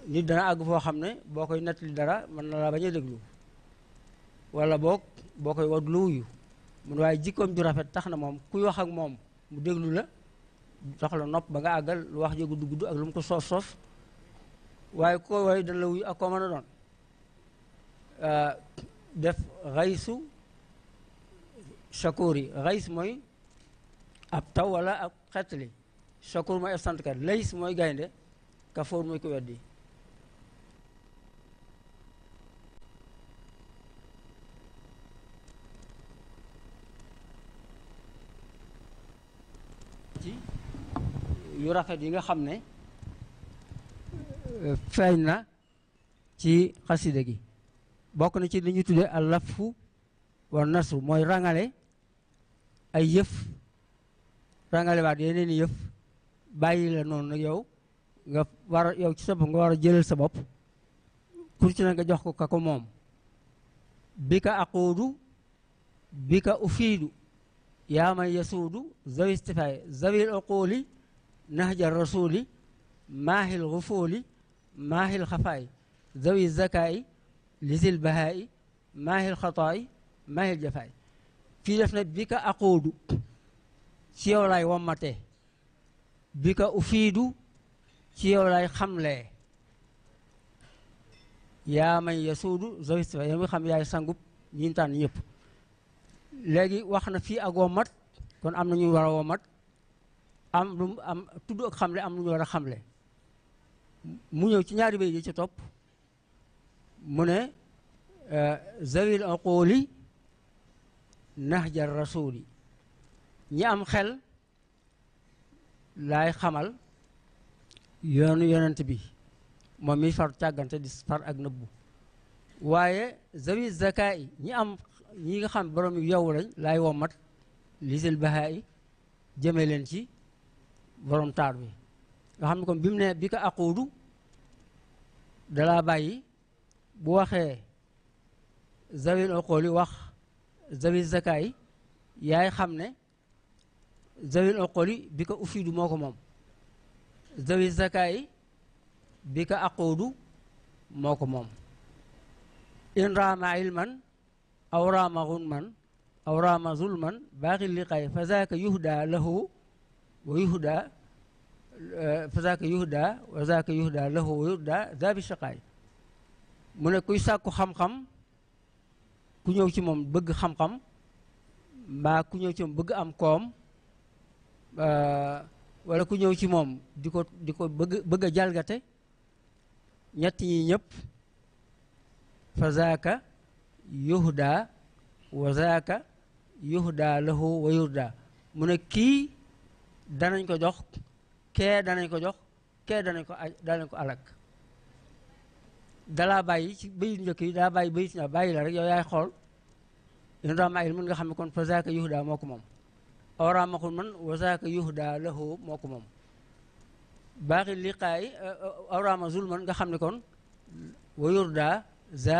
nit dana àgg foo xam ne boo koy nettali dara mën na laa bañ a déglu wala boog boo koy woo du la wuyu mun waaye jikkoom ju rafet tax na moom kuy wax ak moom mu déglu la jox la nopp ba nga àggal lu wax ji gudd gudd ak lu mu ko soof soof waaye ku koy wooy dana la wuyu ak koo mën a doon euh, def xaysu shakur yi xays mooy ab taw wala ab xettali shakur mooy ab santkat lays mooy gaynde kafoor mooy ko weddi ci yu rafet yi nga xam ne feeñ na ci xasida gi bokk na ci li ñu tuddee al lafu wa nasru mooy rangale ay yëf rangale waat yeneen yëf bàyyi la noon nag yow nga war yow ci sa bopp nga war a jëlal sa bopp kur nga jox ko ka ko moom bi ka aquudu bi ka ufiidu yaa man yasuudu zawi istifaay zawi uquuli nahja rasuuli maahil gufuuli maahil xafaay zawi zakaay lisil bahaayi maahil xataayi maahil jafaayi fii def na bi ka aqoodu ci yow laay wammatee bi ka ufiidu ci yow laay xamlee yaa may ya suudu zawist fa yow xam yaay sangub ñi tànn ñëpp léegi wax na fii ak wommat kon am na ñu war wommat am lu am tudd ak xamle am lu ñu war a xamle mu ñëw ci ñaari bay yi ci topp mu ne eh, zawil aquli nahja rasuli ñi am xel laay xamal yoonu yonent bi moom mi far càggante di far ak nëbbu waaye zawi zakaa yi ñi am ñi nga xam borom yu yow lañ laay wommat lisil bahaa yi jëme leen ci borom taar bi nga xam ne comme bi ne bi ko aquudu dalaa bu waxee zawil oqool wax zawil zaka yi xam ne zawil oqool yi ufidu moo moom zawil zaka yi bi ko aquudu moo ko moom in raama ilman aw raama gunman aw raama zulman baaqi liqaay fa zaaka yuhda lahu wa yuhda fa zaaka yuhda wa zaaka yuhda lahu wa yuhda zabi shaqaay mu ne kuy sàkku xam-xam ku ñëw ci moom bëgg xam-xam mbaa ku ñëw ci moom bëgg am koom wala ku ñëw ci moom di ko di ko bëgg bëgg a jalgate ñett ñi ñëpp fa zaaka yuhda wa zaaka yuhda lahu wa yurda mu ne kii danañ ko jox kee danañ ko jox kee danañ ko danañ ko alak dalaa bàyyi ci bayit njëkk yi dalaa bàyyi bayit na bàyyi la rek yow yaay mën nga xam ne kon fa zaaka yuhda moo ko moom awraa maxul man wa zaaka yuhda lahu moo ko moom baaxi liqaayi awraama zulman nga xam ne kon wa yurda za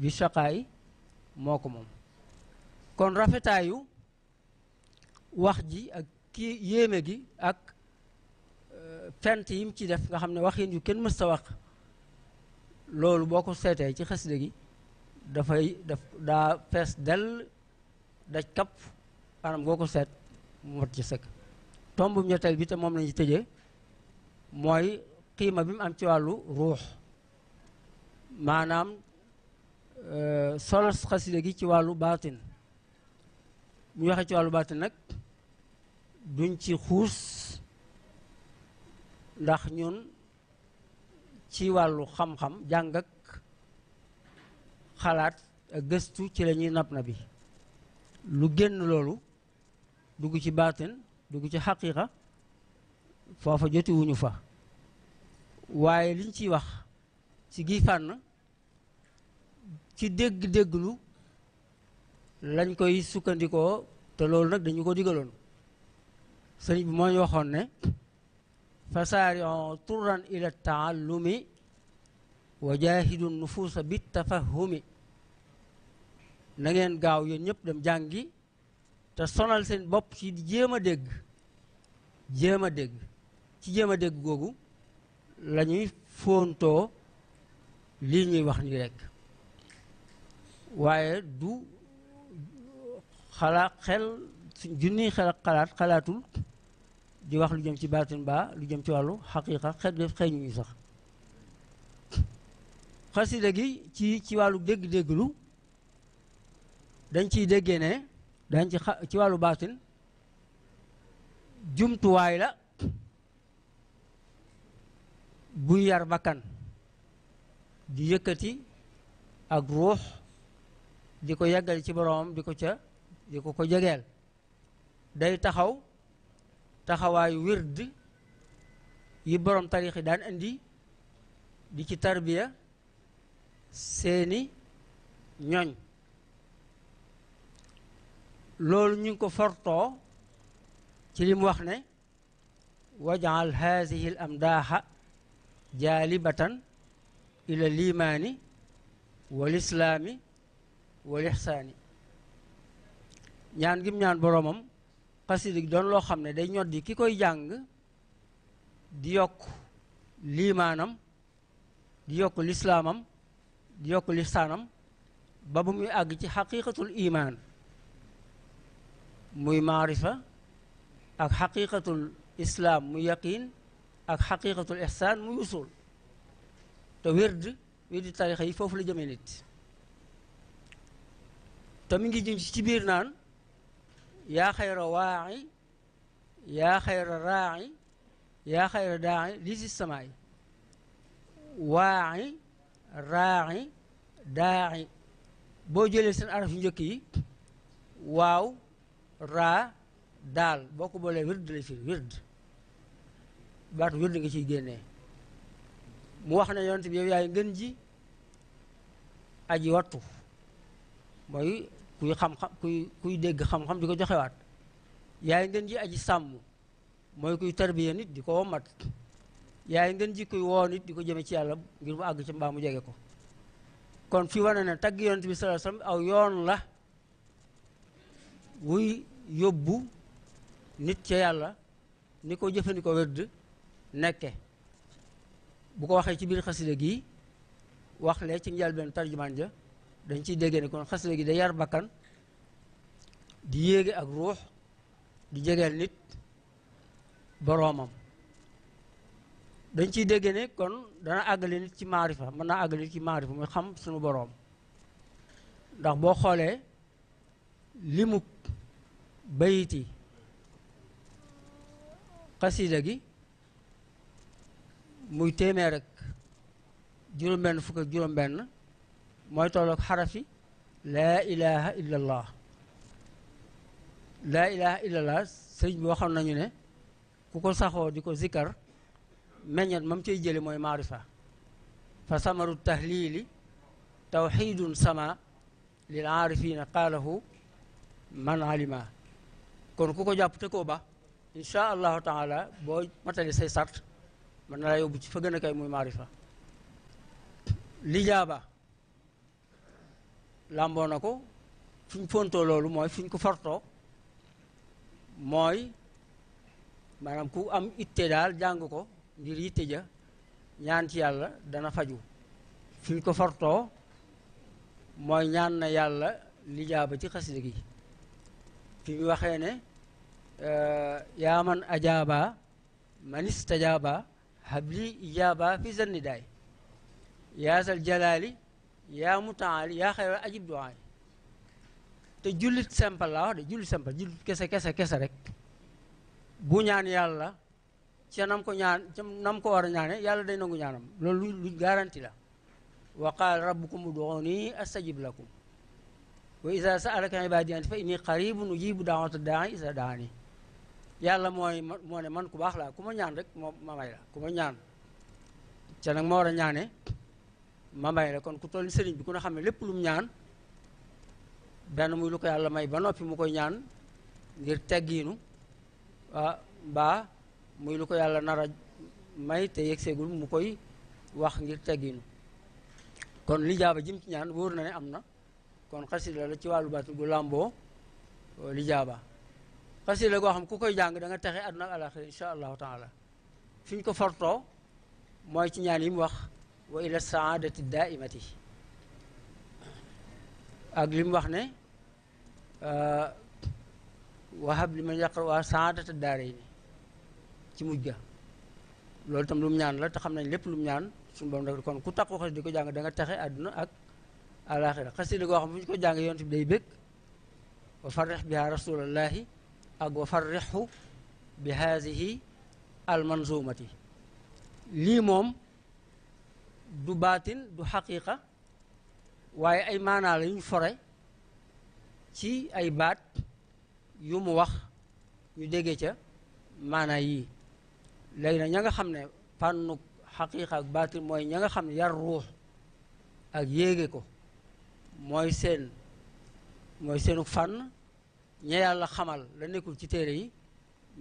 bi shaqaayi moo ko moom kon rafetaayu wax ji ak kii yéeme gi ak euh, fent yim ci def nga xam ne wax yéen yu kenn mës ta loolu boo ko seetee ci xasida gi dafay daf daa fees dell daj kapp maanaam boo ko seet mu mat ci sëkk tomb ñetteel bi te moom lañu tëjee mooy xiima bi mu am ci wàllu ruux maanaam euh, solos xaside gi ci wàllu baatin mu waxee ci wàllu baatin nag duñ ci xuus ndax ñun ci wàllu xam-xam jàng ak xalaat ak gëstu ci la ñuy nab na bi lu génn loolu dugg ci baatin dugg ci xaqiqa foofa jotiwuñu fa waaye liñ ci wax ci gi fànn ci dégg-dégglu lañ koy sukkandikoo te loolu nag dañu ko digaloon sëriñ bi moo waxoon ne fasaariu turran ila taallumi wa jaahidu nufuusa bi tafahumi na gaaw yéen ñëpp dem jàngi te sonal seen bopp ci jéem a dégg jéem a dégg ci jéem a dégg googu lañuy ñuy fóontoo lii ñuy wax ni rekk waaye du xalaat xel junniy xel xalaat xalaatul di wax lu jëm ci baatin baa lu jëm ci wàllu xaqiiqa xet def xëy ñu sax xasida gi ci ci wàllu dégg-dégglu dañ ciy déggee ne dañ ci wàllu baatin jumtuwaay la buy yar bakkan di yëkkati ak ruux di ko yeggal ci boroomam di ko ca di ko ko jegeel day taxaw taxawaayu wird yi borom tarix daan indi di ci tarbiya seeni ñoñ loolu ñu ko fortoo ci li wax ne wajal haadihi am daaxa jaalibatan ila limaani wal islaami wal ixsaani ñaan gim ñaan boromam xasida gi doon loo xam ne day ñoddi ki koy jàng di yokk liimaanam di yokk lislaamam di yokk listaanam ba bu muy àgg ci xaqiqatul imaan muy maarifa ak xaqiqatul islaam muy yaqiin ak xaqiqatul ihsaan muy usul te wird wirdi tarixa yi foofu la jëme nit te mi ngi junj ci biir naan yaa xayra waa'i yaa xayra raa'i yaa xayra daa'i lii si samaa'i waa'i raa'i boo jëlee seen araf yu njëkk yi waaw raa daal boo ko boolee wird lay firi wird baatu wird nga ciy génnee mu wax na yoon bi yow yaay ngën ji aji wattu mooy kuy xam-xam kuy kuy dégg xam-xam di ko joxewaat yaay ngeen ji aji sàmm mooy kuy tarbiya nit di ko wommat yaay ngeen ji kuy woo di ko jëme ci yàlla ngir mu àgg ci mbaa mu jege ko kon fi wane na tagg yonent bi sallallahu alayhi aw yoon la wuy yóbbu nit ca yàlla ni ko jëfandikoo wedd nekke bu ko waxee ci biir xasida gi wax ci njëlbeen tarjumaan ja dañ ciy déggee ne kon xasida gi da yar bakkan di yéege ak ruux di jegeel nit boroomam dañ ciy déggee ne kon dana àggale nit ci maarifa mën naa àggale nit ci maarifa muy xam sunu boroom ndax boo xoolee limub bayiti xasida gi muy téeméer rek juróom-benn fukk juróom-benn mooy tolloog xarafi laa ilaha illa allah laa ilaha illa bi waxoon nañu ne ku ko saxoo di ko zikkar meññet mam cay jële mooy maarifa fa samaru tahlili tawxidun sama lil aarifina qaalahu man alima kon ku ko jàpp te koo ba allah allahu taala boo matali say sart mën na laa yóbbu ci fa gën a kay muy maarifa lijaaba làmboo na ko fi ñu fontoo loolu mooy fi ko fartoo mooy maanaam ku am itte daal jàng ko ngir itte ja ñaan ci yàlla dana faju fi ko fartoo mooy ñaan na yàlla lijaaba ci xasida gi fi ñu waxee ne eh, yaa man ajaaba man istajaaba habli ijaaba fi zanni daay yaasal jalaali yaa mutaal yaa xayra ajib duwaay te jullit simple laa wax de jullit simple jullit kese kese rek bu ñaan yàlla ca nam ko ñaan nam ko war a ñaane yàlla day nangu ñaanam loolu lu garanti la wa qaal rabbukum ud'uni astajib lakum wa iza sa'alaka ibadi anti fa inni qaribun ujibu da'wata da'i iza da'ani yàlla moo ne man ku baax laa ku ma rek ma may la ku ma ñaan ma war a ma may la kon ku toll sëriñ bi ku na xam ne lépp lu mu ñaan benn muy lu ko yàlla may ba noppi mu koy ñaan ngir teggiinu ah mbaa muy lu ko yàlla nara a may te yegseegul mu koy wax ngir teggiinu kon li jaaba jim ci ñaan wóor na ne am na kon xasida la ci wàllu baatu gu làmboo eh, li jaaba xasida la goo xam ku koy jàng da nga texe àdduna ak àlaxira insha allahu taala fi ko forto mooy ci ñaan yi wax wa ila saadati daaimati ak li mu wax ne uh, wahab li man yaqra saadata daarayni ci mujj ga loolu itam lu ñaan la te xam nañ lépp lum mu ñaan suñu borom kon ku takku xas di ko jàng da nga texe àdduna ak alaxira xasida goo xam bu ñu ko jàng yonent bi day bëgg wa farrix biha rasulallahi ak wa farrixu bi haasihi almanzumati lii moom du baatin du xaqiqa waaye ay maanaa la yuñ fore ci ay baat yu mu wax ñu déggee ca maana yii léegi na ña nga xam ne fànnu xaqiqa ak baatin mooy ñanga xam ne yar ruux ak yéege ko mooy seen mooy seenu fànn ña yàlla xamal la nekkul ci téere yi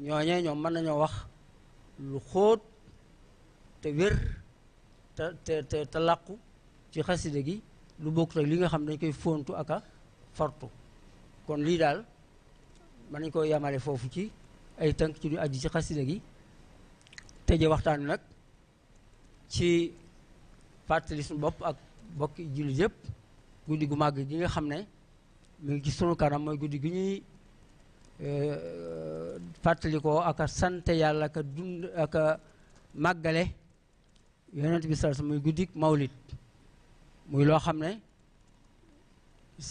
ñooñee ñoom mën nañoo wax lu xóot te wér te te te làqu ci xasida gi lu bokk rek li nga xam dañ koy fontu ak a kon lii daal mën nañ koo yamale foofu ci ay tënk ci lu aju ci xasida gi tëje waxtaan nag ci fàttali suñu bopp ak bokki jullit yépp guddi gu màgg gi nga xam ne mu ngi gis sunu kanam mooy guddi gi ñuy euh, fàttalikoo ak a sant yàlla ak a dund ak màggale yonent bi sal muy guddik mawlid muy loo xam ne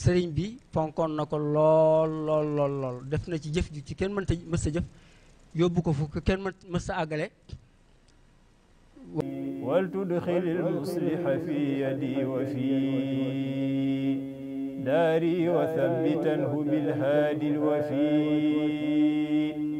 sëriñ bi ponkon na ko lool lool lool def na ci jëf ju ci kenn mënta mës jëf yóbbu ko fu kenn mën àggale wal tudxil al musliha fi yadi wa fi daari wa thabbitanhu haadi al wafi